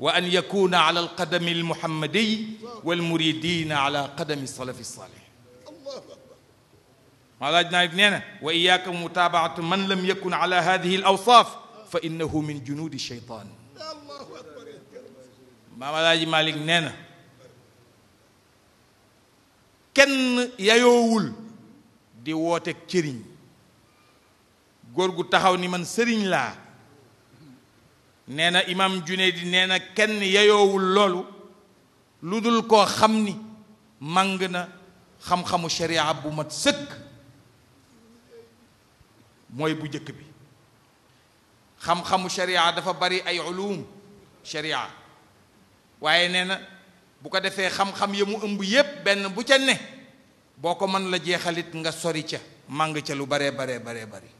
وأن يكون على القدم المحمدي والمريدين على قدم الصلف الصالح وإياك وإياكم متابعة من لم يكن على هذه الأوصاف فإنه من جنود الشيطان الله أكبر mamadaji alaaji Malick nee na kenn yayoowul di wote cëriñ góor gu taxaw ni man serign la nee imam junedi nena ken na kenn yayoowul loolu lu dul koo xam xam-xamu sharia bu mat seuk moy bu jëkk bi xam-xamu sharia dafa bari ay ulum sharia waaye nee na bu ko defee xam-xam ya mu ëmb yépp benn bu ca ne boo ko mën la jeexalit nga sori ca màng ca lu baree baree baree bari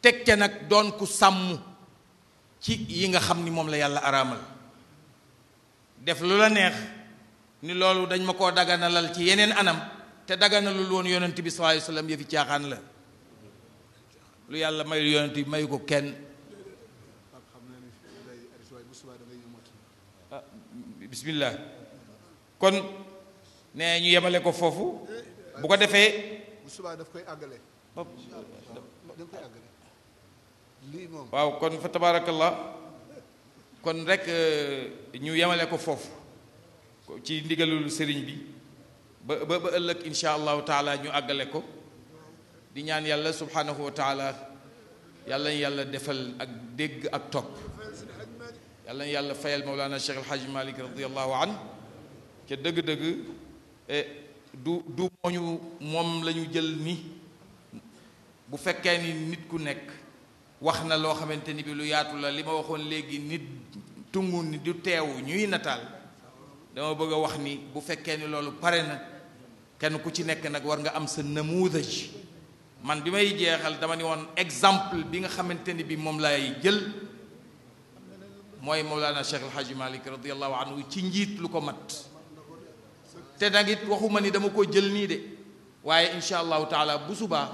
teg ca nag doon ku sàmm ci yi nga xam ni moom la yàlla araamal def lu la neex ni loolu dañ ma koo daganalal ci yeneen anam te daganalul woon yonent bi sallallahu alayhi wasallam yëfi caaxaan la lu yàlla mayul yonent bi mayu ko kenn bismillah kon nee ñu yemale ko foofu bu ko defee bu subaa daf koy àggale waaw kon fa tabaarakallah kon rek ñu yemale ko foofu ci ndigalul sëriñ bi ba ba ba ëllëg insha allahu taala ñu àggale ko di ñaan yàlla subhanahu wa taala yàlla yàlla defal ak dégg ak topp يلا يلا فيل مولانا الشيخ الحاج مالك رضي الله عنه دغ دغ دو دو مونيو موم لا نيو جيل ني بو فكاني نيت كو نيك واخنا لو خامتاني بي لو ياتو لا لما واخون ليغي نيت تومون دي تيو نيي نتال داما بوغا واخني بو فكاني لولو بارينا كان كو تي نيك نك وارغا ام سا نموذج man bi may jeexal dama ni won exemple bi nga xamanteni bi mom lay jël mooy moom Mawlana Cheikh El Hadj Malick radiyallahu anhu ci njiit lu ko mat te nag waxuma ni dama ko jël nii de waaye incha allahu taala bu subaa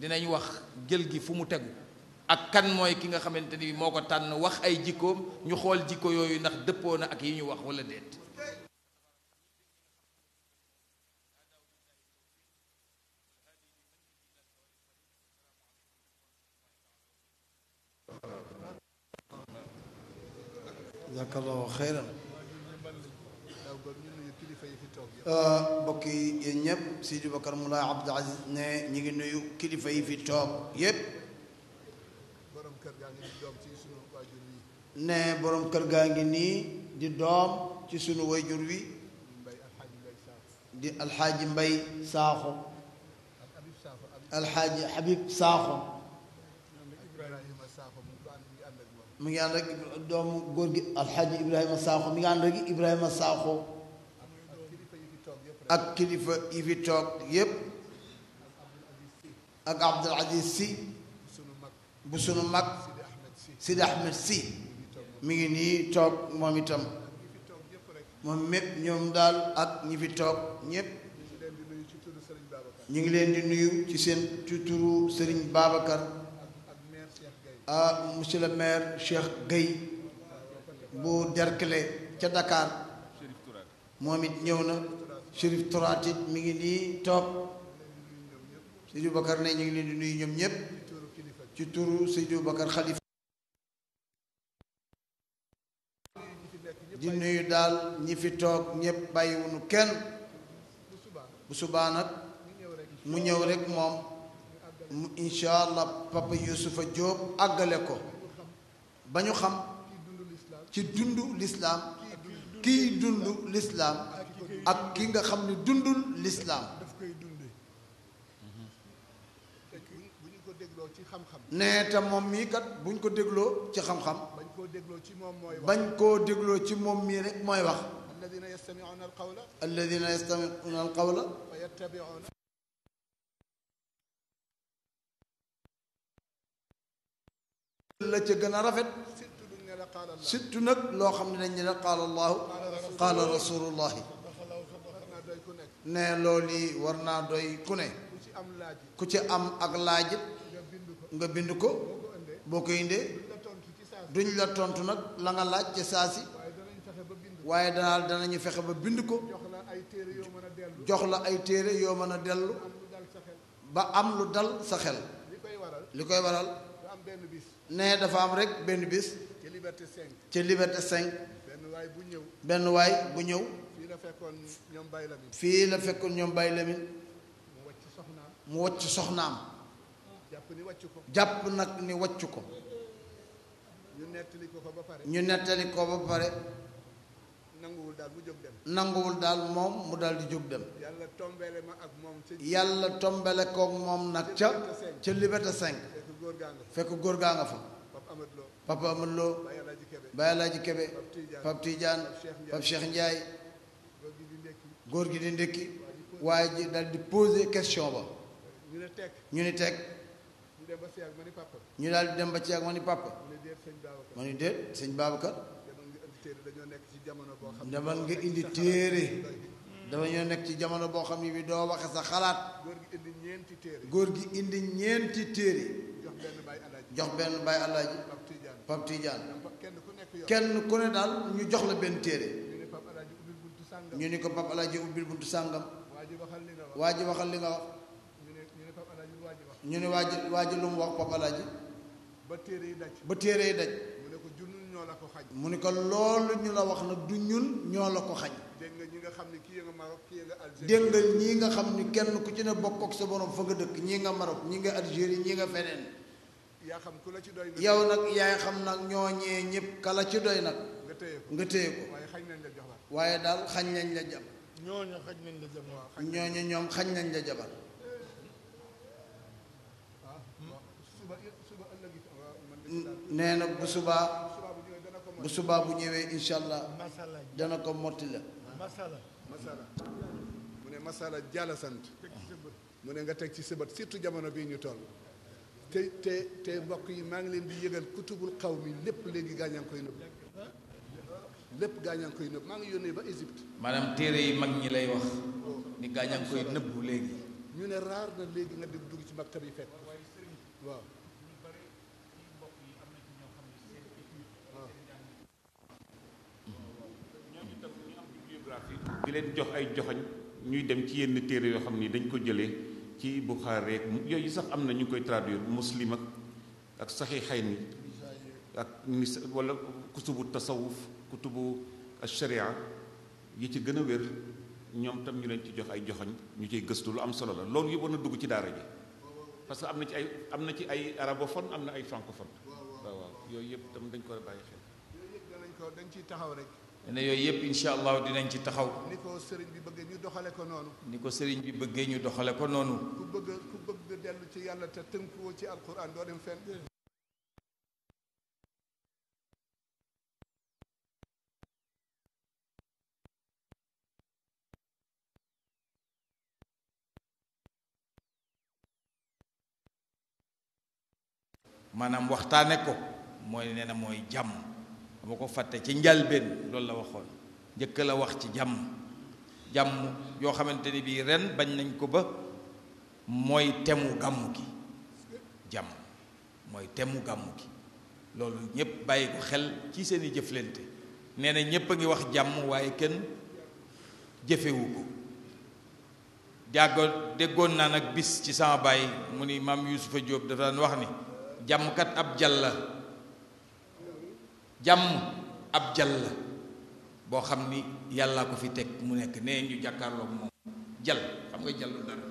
dinañ wax jël gi fu mu tegu ak kan mooy ki nga xamante ni moo ko tànn wax ay jikkoom ñu xool jikko yooyu ndax dëppoo na ak yi ñu wax wala déet. جزاك الله خيرا آه، بكي ينيب سيدي بكر مولا عبد العزيز ني نيغي نيو كليفا في توب ييب بروم كير غاغي ني دوم سي سونو واجور وي ني بروم كير غاغي ني دي دوم سي سونو واجور وي دي الحاج مباي ساخو الحاج حبيب ساخو mi ngi ànd ak doomu góor gi alxaaji ibrahima saaxo mi ngi ànd ak ibrahima saaxo ak kilifa yi fi toog yépp ak abdul aziz si bu sunu mag sidi ahmed si mi ngi nii toog moom itam moom mépp ñoom daal ak ñi fi toog ñépp ñu ngi leen di nuyu ci seen tuturu sëriñ babacar Euh, monsieur le maire Cheikh Gueye bu Derklé ca Dakar moom it ñëw na Chérif Tourate it mi ngi nii toog Seydou Bakar ne ñu ngi leen di nuyu ñoom ñëpp ci turu Seydou Bakar Khalifa di nuyu daal ñi fi toog ñëpp bàyyiwuñu kenn bu subaa mu ñëw rek moom mu incha allah papa Yusufa Jóob àggale ko ba ñu xam ci dundu lislaam kiy dund lislaam ak ki nga xam ni dundul lislaam nee te moom mii kat bu ñu ko dégloo ci xam-xam bañ koo dégloo ci moom mii rek mooy wax alladina yastamiuna alqawla la ca gën a rafet surtout nag loo xam ne dañ ne la qaala allahu qaala war naa doy ku ne ku ci am ak laaj bind ko boo ko indee tontu nag la nga laaj ci saa si waaye danaal danañu fexe ba bind ko jox la ay téere yoo mën a dellu ba am lu dal sa xel li koy waral benn bis ne dafa am rek benn bis. ci Liberté 5. ci Liberté benn waay bu ñëw. benn waay bu ñëw. fii la fekkoon ñoom Baye Lamine. fii la fekkoon ñoom Baye Lamine. mu wàcc soxnaam. mu wàcc soxnaam. jàpp ni wàcc jàpp nag ni wàcc ko. ñu nettali ko ba pare. ñu nettali ko ba pare. nanguwul daal mu jóg dem. moom mu daal jóg dem. yàlla tombele ma ak moom nag ca. ca Liberté cinq fekk góor gaa nga fa papa Amadou ba Baye Alaaji Kebe Pape Tidiane Pape Cheikh Ndiaye góor gi di ndékki waaye ji dal di poser question ba ñu ni teg ñu daal di dem ba ci yàgg ma ni papa ma ni déet sëñ Babacar demal nga indi téere dama ñoo nekk ci jamono boo xam ne bi doo waxe sa xalaat góor gi indi ñeenti téere jox benn baay alaaji Pap Tijaan kenn ku ne daal ñu jox la benn téere ñu ni ko Pap alaaji ubbil buntu sàngam waa ji waxal li nga wax ñu ne waa ji waa ji lu mu wax Pap alaaji ba téere yi daj mu ni ko loolu ñu la wax nag du ñun ñoo la ko xañ dégg nga ñi nga xam ne kii nga Maroc kii nga Algérie ñii nga xam ni kenn ku ci ne bokk ak sa borom fa nga dëkk ñii nga Maroc ñii nga Algérie ñii nga feneen yow nag yaay xam nag ñooñee ñëpp kala ci doy nag nga téye ko waaye daal xañ nañ la jabar ñooñu xañ nañ la jabar ñooñu ñoom xañ nañ la jabar ah, nee na bu subaa bu subaa bu ñëwee incha allah dana ko motti la mu ne masala jàll sant mu ne nga teg ci sëbat surtout jamono bii ñu toll te te te mbokk yi maa ngi leen di yëgal kutubul xaw mi lépp léegi gaañaa ngi koy nëbb lépp gaañaa ngi koy nëbb maa ngi yónnee ba Égypte maanaam téere yi mag ñi lay wax ni gaañaa ngi koy nëbb léegi ñu ne raar na léegi nga di dugg ci maktab yi fekk waaw bi leen jox ay joxoñ ñuy dem ci yenn téere yoo xam ni dañ ko jëlee ci bukhari yoy sax amna ñu koy traduire muslim ak ak sahihayn ak wala kutubu tasawuf kutubu ash sharia yi ci gëna wér ñom tam ñu leen ci jox ay joxoñ ñu ci gëstu lu am solo la loolu yëpp war dugg ci daara ji parce que amna ci ay amna ci ay arabophone amna ay francophone waaw waaw yoy yëp tam dañ ko bàyyi xel. yoy yëp dañ ko dañ ci taxaw rek. ne yooyu yëpp incha allah dinañ ci taxaw. ni ko sëriñ bi bëggee ñu doxale ko noonu. ni ko sëriñ bi bëggee ñu doxale ko noonu. ku ci yàlla te ci alquran doo dem fenn. maanaam waxtaane ko mooy nee na mooy jàmm. dama ko fàtte ci njalbeen loolu la waxoon njëkk la wax ci jàmm jàmm yoo xamante ni bii ren bañ nañ ko ba mooy temu gàmmu gi jàmm mooy temu gàmmu gi loolu ñépp bàyyi ko xel ci seeni jëflante nee na ñépp a ngi wax jàmm waaye kenn jëfewu ko jàggo déggoon naa nag bis ci sama baay mu ni maam Yuusufa Jóob dafa daan wax ni jàmmkat ab jàll la jàmm ab jal la boo xam ni yàllaa ko fi teg mu nekk nee ñu jàkkaarloog moom jal xam nga jal lu dara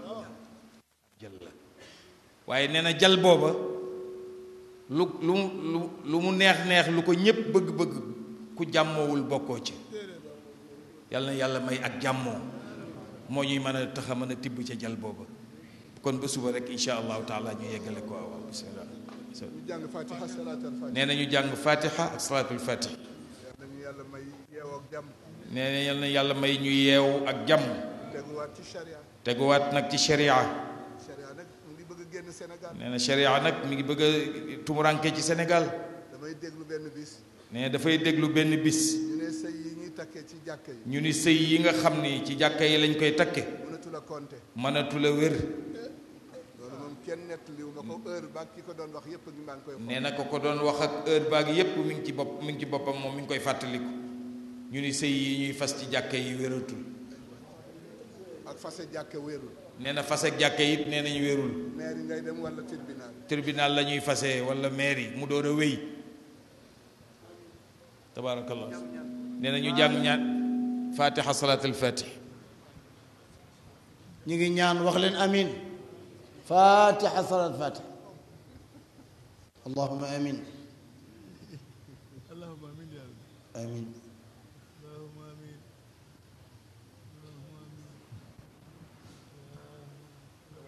jal la waaye nee na jal booba lu lu lu lu mu neex neex lu ko ñépp bëgg-bëgg ku jàmmoowul bokkoo ci yàlla na yàlla may ak jàmmoo moo ñuy mën a tax a mën a tibb ca jal booba kon ba suba rek incha allahu taala ñu yeggale ko awaaw bismillah nee na ñu jàng fatiha ak salaatul fatih nee na yal na yàlla may ñu yeew ak jàmm teguwaat nag ci sharia nee na sharia nag mi ngi bëgg a tumuranke ci Sénégal nee na dafay déglu benn bis ñu ni sëy yi nga xam ni ci jàkka yi lañ koy takke mënatu la wér kenn nettaliw ma ko mm. heure baag ki ko doon wax yépp ngi maa koy nee na ko ko doon wax ak heure baag yep mi ngi ci bop mi ngi ci boppam mom mi ngi koy fàttaliku ñu ni sey yi ñuy fas ci jakkay yi wératul ak fasé jakkay wërul nee na fase jàkke it nee nañu wérul maire ngay dem wala tribunal tribunal la ñuy fasé wala maire mu door a wéy tabarakallah nee ñu jang ñaan fatiha salatul fatih ñi ngi ñaan wax leen amin فاتحة صلاة فاتحة اللهم آمين اللهم آمين يا رب آمين اللهم آمين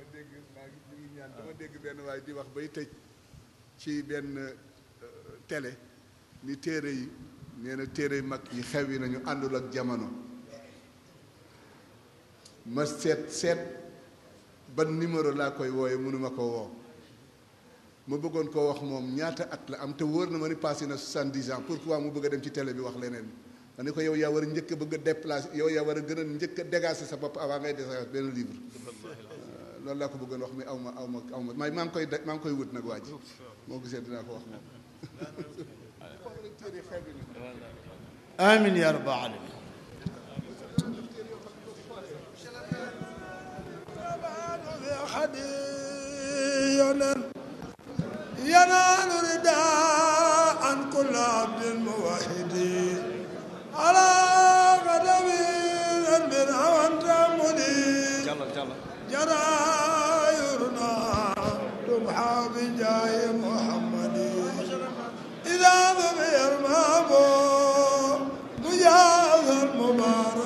dama dégg maa ngi ñu ngi ñaan dama dégg benn waay di wax bay tëj ci benn télé ni téere yi nee na téere yu mag yi xew yi nañu àndul ak jamono ma seet seet ban numéro laa koy wooye mënuma ko woo ma bëggoon ko wax moom ñaata at la am te wóor na ma ni passé na 70 ans pourquoi mu bëgg a dem ci télé bi wax leneen ma ne ko yow yaa war a njëkk bëgg a déplacer yow yaa war a gën a njëkk a dégager sa bopp avant ngay dégager benn livre loolu laa ko bëggoon wax mais aw ma aw ma aw ma maa ngi koy maa ngi koy wut nag waa ji moo gisee dinaa ko wax moom. amin ya rabbal alamin خدينا ينال رداء عن كل عبد موحد على قدمي ذنبنا وانتمني جرى يرنا تمحى بجاه محمد إذا ضمي ما بو مجاز المبارك